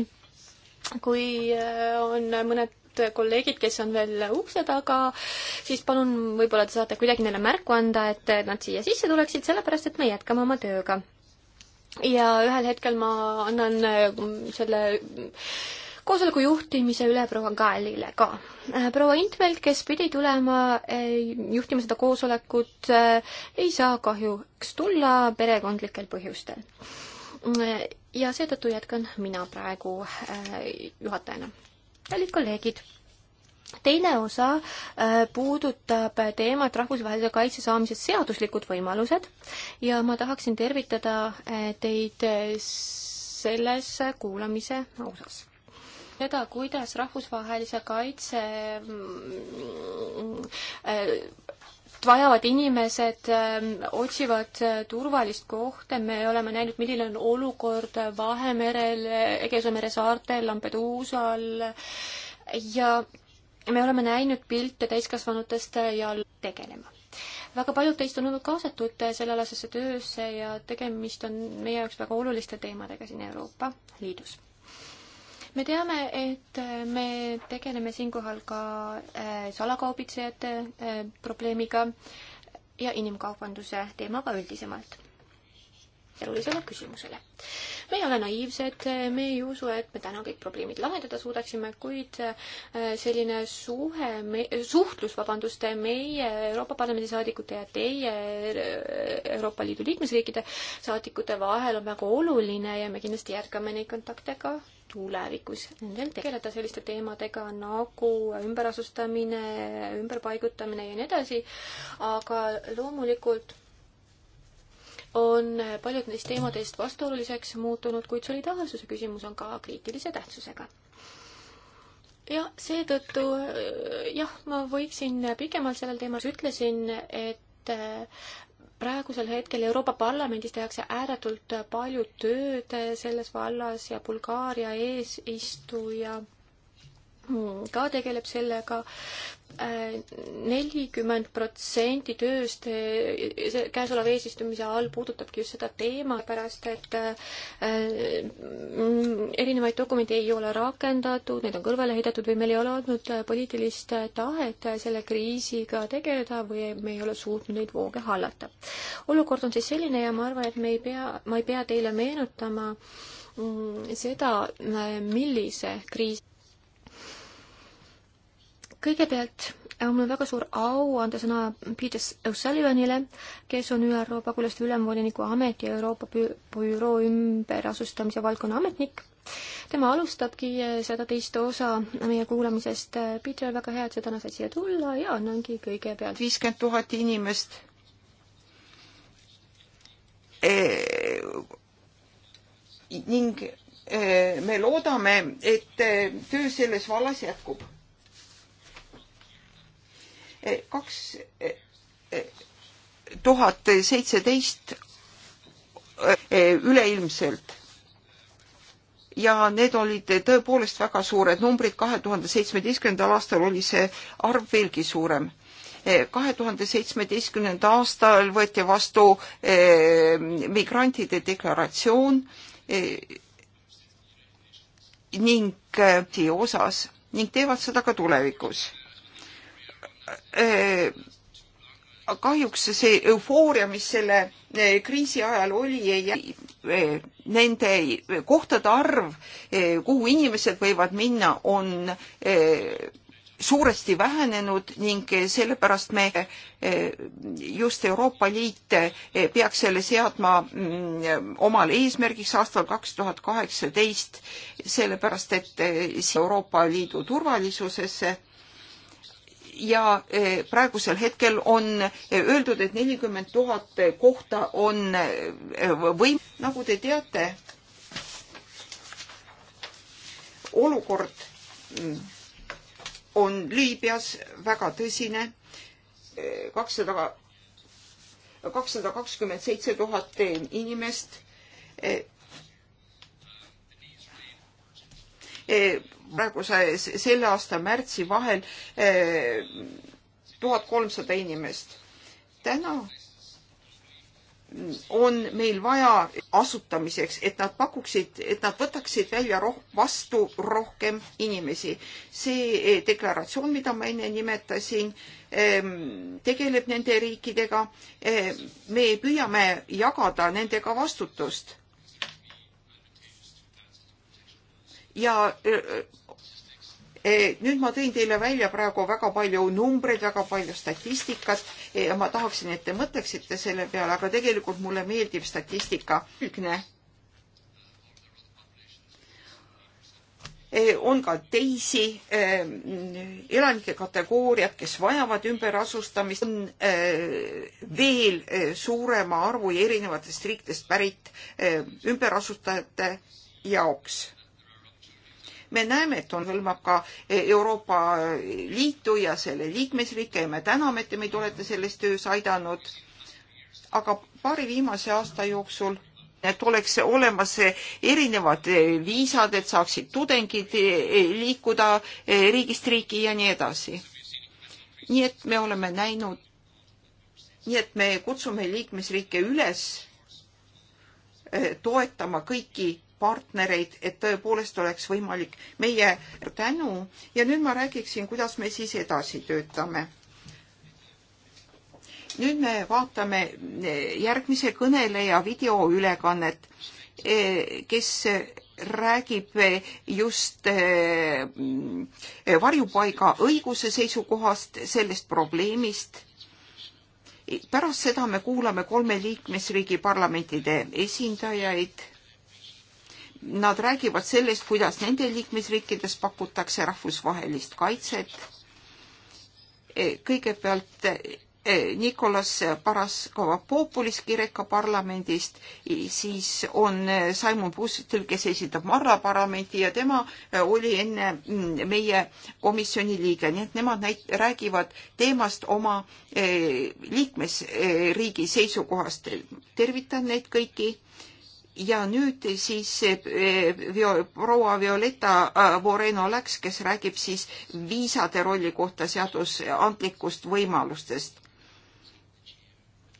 kui äh, on mõned kolleegid, kes on veel ukse taga, siis palun, võib-olla te saate kuidagi neile märku anda, et nad siia sisse tuleksid, sellepärast et me jätkame oma tööga. ja ühel hetkel ma annan äh, selle koosoleku juhtimise üle proua Gaelile ka Äh, proua Intveld, kes pidi tulema juhtima seda koosolekut, äh, ei saa kahjuks tulla perekondlikel põhjustel. Äh, ja seetõttu jätkan mina praegu juhatajana. kallid kolleegid teine osa äh, puudutab teemat rahvusvahelise kaitse saamise seaduslikud võimalused ja ma tahaksin tervitada äh, teid selles kuulamise osas seda, kuidas rahvusvahelise kaitse mm, äh, vajavad inimesed ähm, otsivad äh, turvalist kohta, me oleme näinud, milline on olukord Vahemerel, Egeuse mere saartel, Lampeduusal ja me oleme näinud pilte täiskasvanutest ja tegelema. väga paljud teist on olnud kaasatud sellealasesse töösse ja tegemist on meie jaoks väga oluliste teemadega siin Euroopa Liidus me teame, et äh, me tegeleme siinkohal ka äh, salakaubitsejate äh, probleemiga ja inimkaubanduse teemaga üldisemalt keerulisele küsimusele. me ei ole naiivsed, me ei usu, et me täna kõik probleemid lahendada suudaksime, kuid selline suhe, suhtlus, vabandust, meie Euroopa Parlamendi saadikute ja teie Euroopa Liidu liikmesriikide saadikute vahel on väga oluline ja me kindlasti jätkame neid kontakte ka tulevikus. Nendel tegeleda selliste teemadega nagu ümberasustamine, ümberpaigutamine ja nii edasi, aga loomulikult on paljud neist teemadest vastuoluliseks muutunud, kuid solidaarsuse küsimus on ka kriitilise tähtsusega. ja seetõttu jah, ma võiksin pikemalt sellel teemal, ütlesin, et praegusel hetkel Euroopa Parlamendis tehakse ääretult palju tööd selles vallas ja Bulgaaria eesistuja Hmm, ka tegeleb sellega. Äh, nelikümmend protsenti tööst äh, käesoleva eesistumise all puudutabki just seda teema, pärast et äh, erinevaid dokumente ei ole rakendatud, need on kõrvale heidetud või meil ei ole olnud poliitilist tahet selle kriisiga tegeleda või me ei ole suutnud neid vooge hallata. olukord on siis selline ja ma arvan, et me ei pea, ma ei pea teile meenutama mm, seda, millise kriisi kõigepealt äh, on mul väga suur au anda sõna Peter O'Sullivanile, kes on ÜRO pagulaste ülemvoliniku ameti Euroopa büroo ümberasustamise valdkonna ametnik. tema alustabki äh, seda teist osa meie kuulamisest. Äh, Peter, väga hea, et sa täna said siia tulla ja annangi kõigepealt viiskümmend tuhat inimest e ning e me loodame, et töö selles vallas jätkub kaks tuhat seitseteist e, üleilmselt ja need olid tõepoolest väga suured numbrid. kahe tuhande seitsmeteistkümnendal aastal oli see arv veelgi suurem. E, kahe tuhande seitsmeteistkümnenda aastal võeti vastu eh, migrantide deklaratsioon eh, ning eh, osas ning teevad seda ka tulevikus Äh, kahjuks see eufooria, mis selle äh, kriisi ajal oli, ei äh, nende kohtade arv, kuhu inimesed võivad minna, on suuresti vähenenud ning sellepärast me just Euroopa Liit peaks selle seadma mm, omal eesmärgiks aastal kaks tuhat kaheksateist, sellepärast et Euroopa Liidu turvalisusesse ja eh, praegusel hetkel on eh, öeldud, et nelikümmend tuhat kohta on eh, võim-, nagu te teate, olukord mm, on Liibüas väga tõsine, kakssada, kakssada kakskümmend seitse tuhat inimest praeguse, selle aasta märtsi vahel eh, tuhat kolmsada inimest. täna on meil vaja asutamiseks, et nad pakuksid, et nad võtaksid välja roh-, vastu rohkem inimesi. see eh, deklaratsioon, mida ma enne nimetasin, ehm, tegeleb nende riikidega. Ehm, me püüame jagada nendega vastutust. ja eh, Eh, nüüd ma tõin teile välja praegu väga palju numbreid, väga palju statistikat ja eh, ma tahaksin, et te mõtleksite selle peale, aga tegelikult mulle meeldib statistika. Eh, on ka teisi elanike kategooriad, kes vajavad ümberasustamist, on veel suurema arvu erinevatest riikidest pärit ümberasustajate jaoks me näeme, et on, hõlmab ka eh, Euroopa eh, Liitu ja selle liikmesriike ja me täname, et te meid olete selles töös aidanud. aga paari viimase aasta jooksul et oleks olemas erinevad eh, viisad, et saaksid tudengid liikuda riigist riiki ja nii edasi. nii et me oleme näinud, nii et me kutsume liikmesriike üles toetama kõiki partnereid, et tõepoolest oleks võimalik meie tänu ja nüüd ma räägiksin, kuidas me siis edasi töötame. nüüd me vaatame järgmise kõneleja videoülekannet, e, kes räägib just e, varjupaiga õiguse seisukohast, sellest probleemist pärast seda me kuulame kolme liikmesriigi parlamentide esindajaid nad räägivad sellest, kuidas nende liikmesriikides pakutakse rahvusvahelist kaitset. E, kõigepealt e, Nikolas Paraskova-Populis Kreeka parlamendist, e, siis on Simon Pustitel, kes esindab Marra parlamenti ja tema oli enne mm, meie komisjoni liige, nii et nemad näit-, räägivad teemast oma liikmesriigi seisukohast. tervitan neid kõiki ja nüüd siis eh, proua Violetta äh, Moreno läks, kes räägib siis viisade rolli kohta seadusandlikust võimalustest.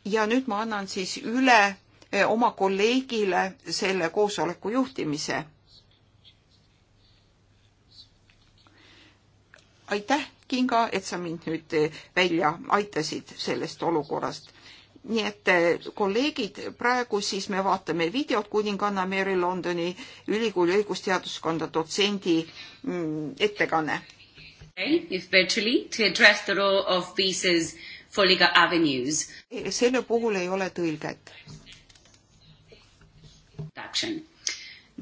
ja nüüd ma annan siis üle eh, oma kolleegile selle koosoleku juhtimise. aitäh, Kinga, et sa mind nüüd eh, välja aitasid sellest olukorrast nii et eh, kolleegid, praegu siis me vaatame videot kuninganna Mary Londoni ülikooli õigusteaduskonda dotsendi mm, ettekanne. Virtually to address the role of pieces for legal avenues. Eh, selle puhul ei ole tõlget.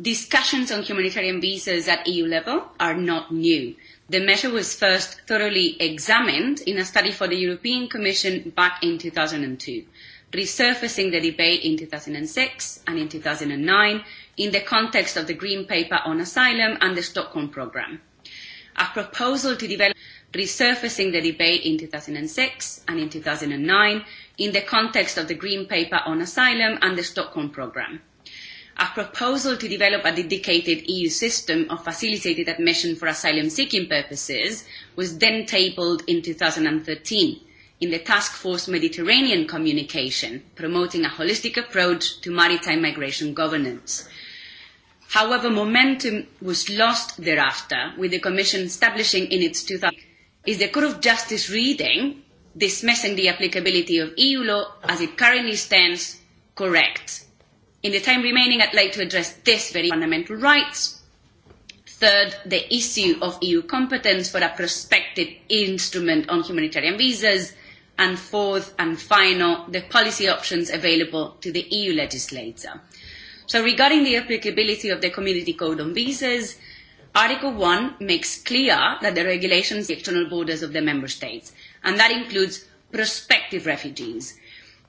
Discussions on humanitarian visas at EU level are not new The measure was first thoroughly examined in a study for the European Commission back in 2002, resurfacing the debate in 2006 and in 2009 in the context of the Green Paper on Asylum and the Stockholm Programme. A proposal to develop resurfacing the debate in 2006 and in 2009 in the context of the Green Paper on Asylum and the Stockholm Programme a proposal to develop a dedicated EU system of facilitated admission for asylum seeking purposes was then tabled in 2013 in the Task Force Mediterranean communication promoting a holistic approach to maritime migration governance. However, momentum was lost thereafter with the Commission establishing in its 2000 is the Court of Justice reading dismissing the applicability of EU law as it currently stands correct? In the time remaining, I'd like to address this very fundamental rights. Third, the issue of EU competence for a prospective instrument on humanitarian visas. And fourth and final, the policy options available to the EU legislator. So regarding the applicability of the Community Code on Visas, Article 1 makes clear that the regulations the external borders of the member states, and that includes prospective refugees.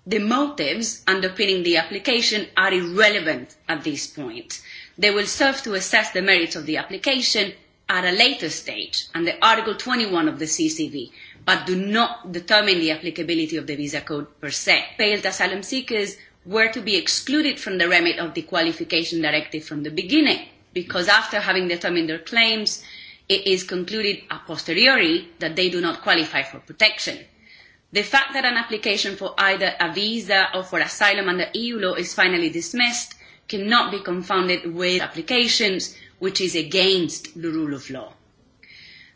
The motives underpinning the application are irrelevant at this point. They will serve to assess the merits of the application at a later stage under Article 21 of the CCV, but do not determine the applicability of the visa code per se. Failed asylum seekers were to be excluded from the remit of the qualification directive from the beginning, because after having determined their claims, it is concluded a posteriori that they do not qualify for protection. The fact that an application for either a visa or for asylum under EU law is finally dismissed cannot be confounded with applications which is against the rule of law.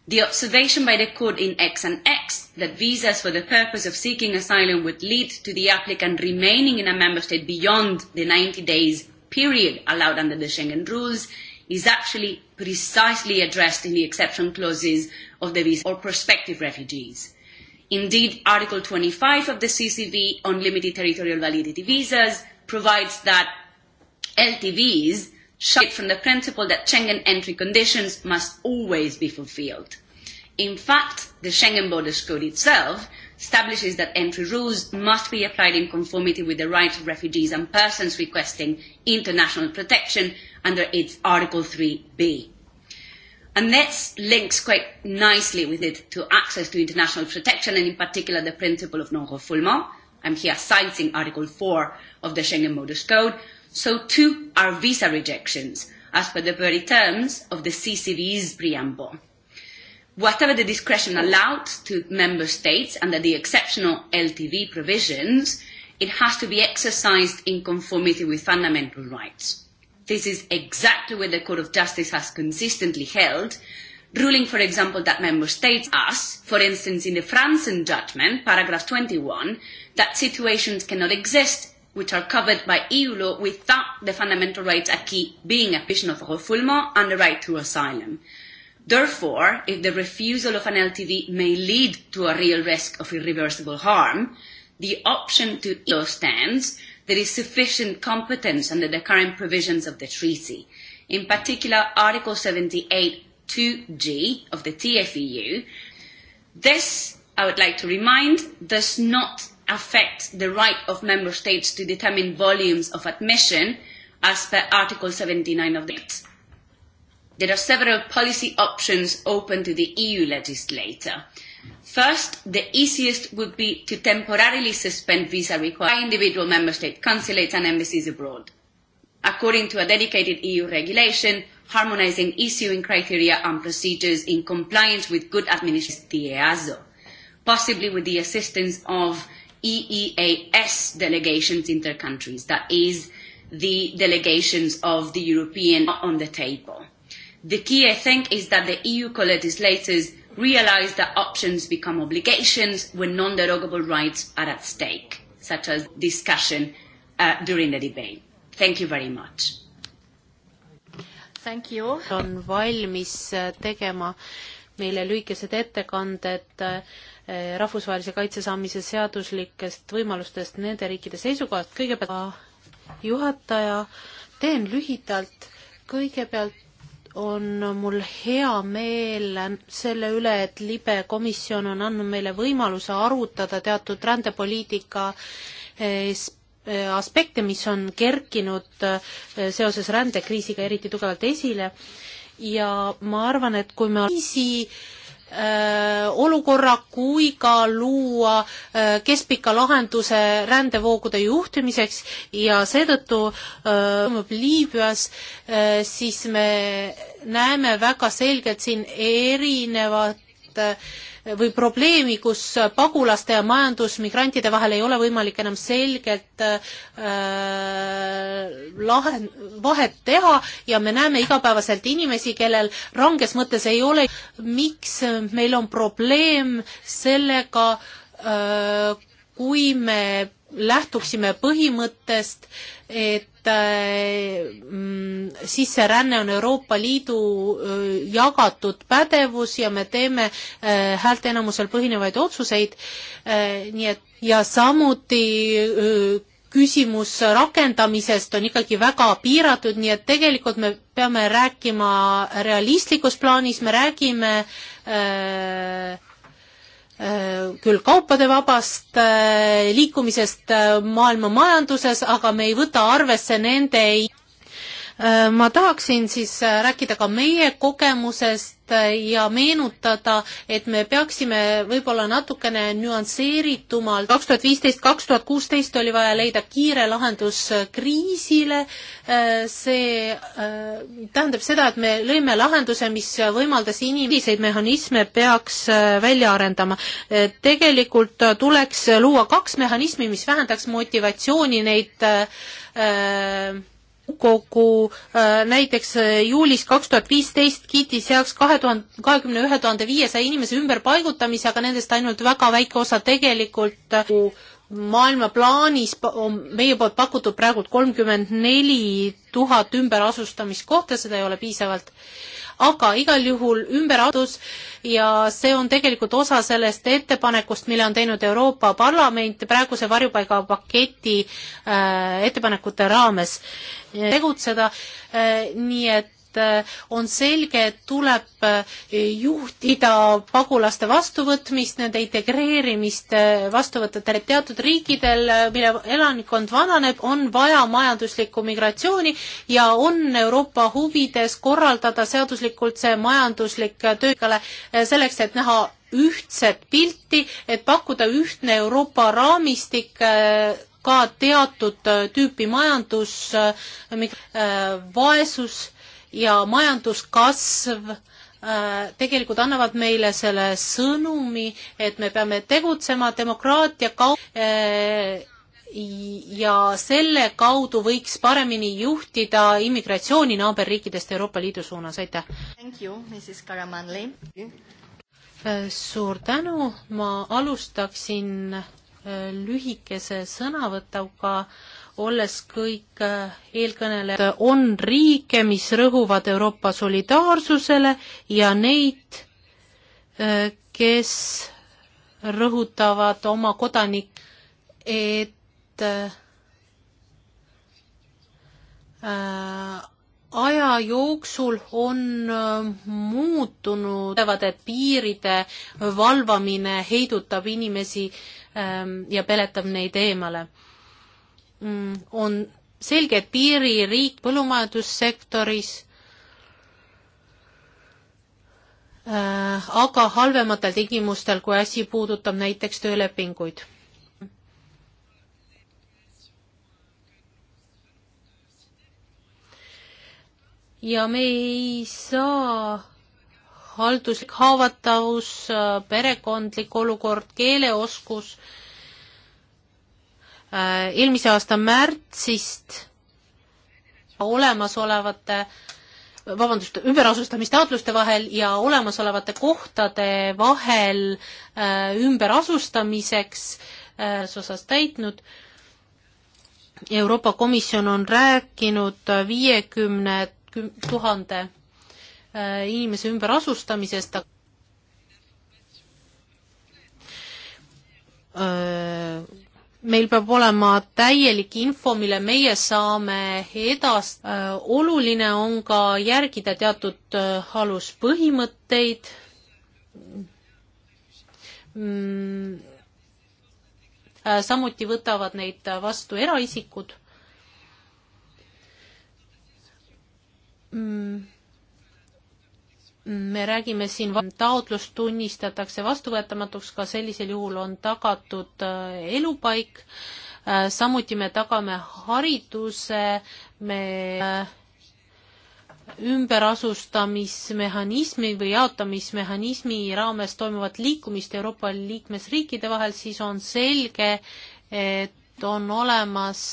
The observation by the court in X and X that visas for the purpose of seeking asylum would lead to the applicant remaining in a member state beyond the 90 days period allowed under the Schengen rules is actually precisely addressed in the exception clauses of the visa or prospective refugees. Indeed, Article 25 of the CCV on limited territorial validity visas provides that LTVs shift from the principle that Schengen entry conditions must always be fulfilled. In fact, the Schengen Borders Code itself establishes that entry rules must be applied in conformity with the rights of refugees and persons requesting international protection under its Article 3b. And that links quite nicely with it to access to international protection and in particular the principle of non-refoulement. I'm here citing Article 4 of the Schengen Modus Code. So too are visa rejections as per the very terms of the CCV's preamble. Whatever the discretion allowed to member states under the exceptional LTV provisions, it has to be exercised in conformity with fundamental rights. This is exactly what the Court of Justice has consistently held, ruling, for example, that member states us, for instance, in the Franzen judgment, paragraph 21, that situations cannot exist which are covered by EU law without the fundamental rights acquis being a petition of refoulement and the right to asylum. Therefore, if the refusal of an LTV may lead to a real risk of irreversible harm, the option to EO stands there is sufficient competence under the current provisions of the treaty. In particular, Article 78 2G of the TFEU. This, I would like to remind, does not affect the right of member states to determine volumes of admission as per Article 79 of the Act. There are several policy options open to the EU legislator. Uh, First, the easiest would be to temporarily suspend visa requests by individual member state consulates and embassies abroad. According to a dedicated EU regulation, harmonizing issuing criteria and procedures in compliance with good administration, the EASO, possibly with the assistance of EEAS delegations inter countries, that is, the delegations of the European on the table. The key, I think, is that the EU co-legislators realise that options become obligations when non-derogable rights are at stake, such as discussion uh, during the debate. Thank you very much. Thank you. on valmis uh, tegema meile lühikesed ettekanded uh, äh, rahvusvahelise kaitse saamise seaduslikest võimalustest nende riikide seisukohast. kõigepealt juhataja, teen lühidalt, kõigepealt on mul hea meel selle üle, et libe komisjon on andnud meile võimaluse arutada teatud rändepoliitika eh, eh, aspekte, mis on kerkinud eh, seoses rändekriisiga eriti tugevalt esile ja ma arvan, et kui me kriisi Äh, olukorra kui ka luua äh, keskpika lahenduse rändevoogude juhtimiseks ja seetõttu äh, toimub Liibüas, siis me näeme väga selgelt siin erinevat Eh, või probleemi, kus pagulaste ja majandusmigrantide vahel ei ole võimalik enam selgelt äh, eh, lahe, vahet teha ja me näeme igapäevaselt inimesi, kellel ranges mõttes ei ole, miks meil on probleem sellega äh,, kui me lähtuksime põhimõttest, et Mm, sisseränne on Euroopa Liidu jagatud pädevus ja me teeme häälteenamusel põhinevaid otsuseid, nii et ja samuti küsimus rakendamisest on ikkagi väga piiratud, nii et tegelikult me peame rääkima realistlikus plaanis, me räägime äh, Äh, küll kaupade vabast äh, liikumisest äh, maailma majanduses, aga me ei võta arvesse nende Äh, ma tahaksin siis äh, rääkida ka meie kogemusest äh, ja meenutada, et me peaksime võib-olla natukene nüansseeritumalt, kaks tuhat viisteist, kaks tuhat kuusteist oli vaja leida kiire lahendus kriisile, see tähendab seda, et me lõime lahenduse, mis võimaldas inimeseid mehhanisme peaks välja arendama. tegelikult tuleks luua kaks mehhanismi, mis vähendaks motivatsiooni neid äh, nõukogu äh, näiteks äh, juulis kaks tuhat viisteist kiitis heaks kahe tuhande, kahekümne ühe tuhande viiesaja inimese ümberpaigutamise, aga nendest ainult väga väike osa tegelikult äh, maailma plaanis on meie poolt pakutud praegult kolmkümmend neli tuhat ümberasustamiskohta, seda ei ole piisavalt aga igal juhul ümberasutus ja see on tegelikult osa sellest ettepanekust, mille on teinud Euroopa Parlament praeguse varjupaigapaketi äh, ettepanekute raames eh, tegutseda äh,, nii et et eh, on selge, et tuleb eh, juhtida pagulaste vastuvõtmist, nende integreerimist eh, vastuvõtetele. teatud riikidel, mille elanikkond vananeb, on vaja majanduslikku migratsiooni ja on Euroopa huvides korraldada seaduslikult see majanduslik töökale selleks, et näha ühtset pilti, et pakkuda ühtne Euroopa raamistik ka teatud tüüpi majandus, vaesus ja majanduskasv äh, tegelikult annavad meile selle sõnumi, et me peame tegutsema demokraatia kaudu äh, ja selle kaudu võiks paremini juhtida immigratsiooni naaberriikidest Euroopa Liidu suunas, aitäh! Äh, suur tänu, ma alustaksin lühikese sõnavõtuga äh, olles kõik äh, eelkõnelejad, on riike, mis rõhuvad Euroopa solidaarsusele ja neid, äh, kes rõhutavad oma kodanik, et äh, aja jooksul on muutunud, et piiride valvamine heidutab inimesi ähm, ja peletab neid eemale Mm, on selge piiririik põllumajandussektoris, äh, aga halvematel tingimustel, kui asi puudutab näiteks töölepinguid ja me ei saa halduslik haavatavus, äh, perekondlik olukord, keeleoskus Äh, eelmise aasta märtsist olemasolevate vabandust, ümberasustamistaotluste vahel ja olemasolevate kohtade vahel äh, ümberasustamiseks äh, osas täitnud. Euroopa Komisjon on rääkinud viiekümne tuhande äh, inimese ümberasustamisest. Äh, meil peab olema täielik info, mille meie saame edast-. Äh, oluline on ka järgida teatud äh, aluspõhimõtteid. Mm. Äh, samuti võtavad neid vastu eraisikud. Mm me räägime siin, taotlus tunnistatakse vastuvõetamatuks, ka sellisel juhul on tagatud äh, elupaik, äh, samuti me tagame hariduse, me äh, ümberasustamismehhanismi või jaotamismehhanismi raames toimuvat liikumist Euroopa liikmesriikide vahel, siis on selge, et on olemas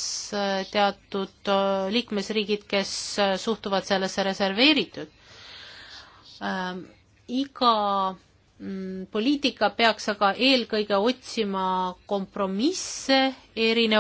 teatud liikmesriigid, kes suhtuvad sellesse reserveeritud ähm, iga mm, poliitika peaks aga eelkõige otsima kompromisse erinevate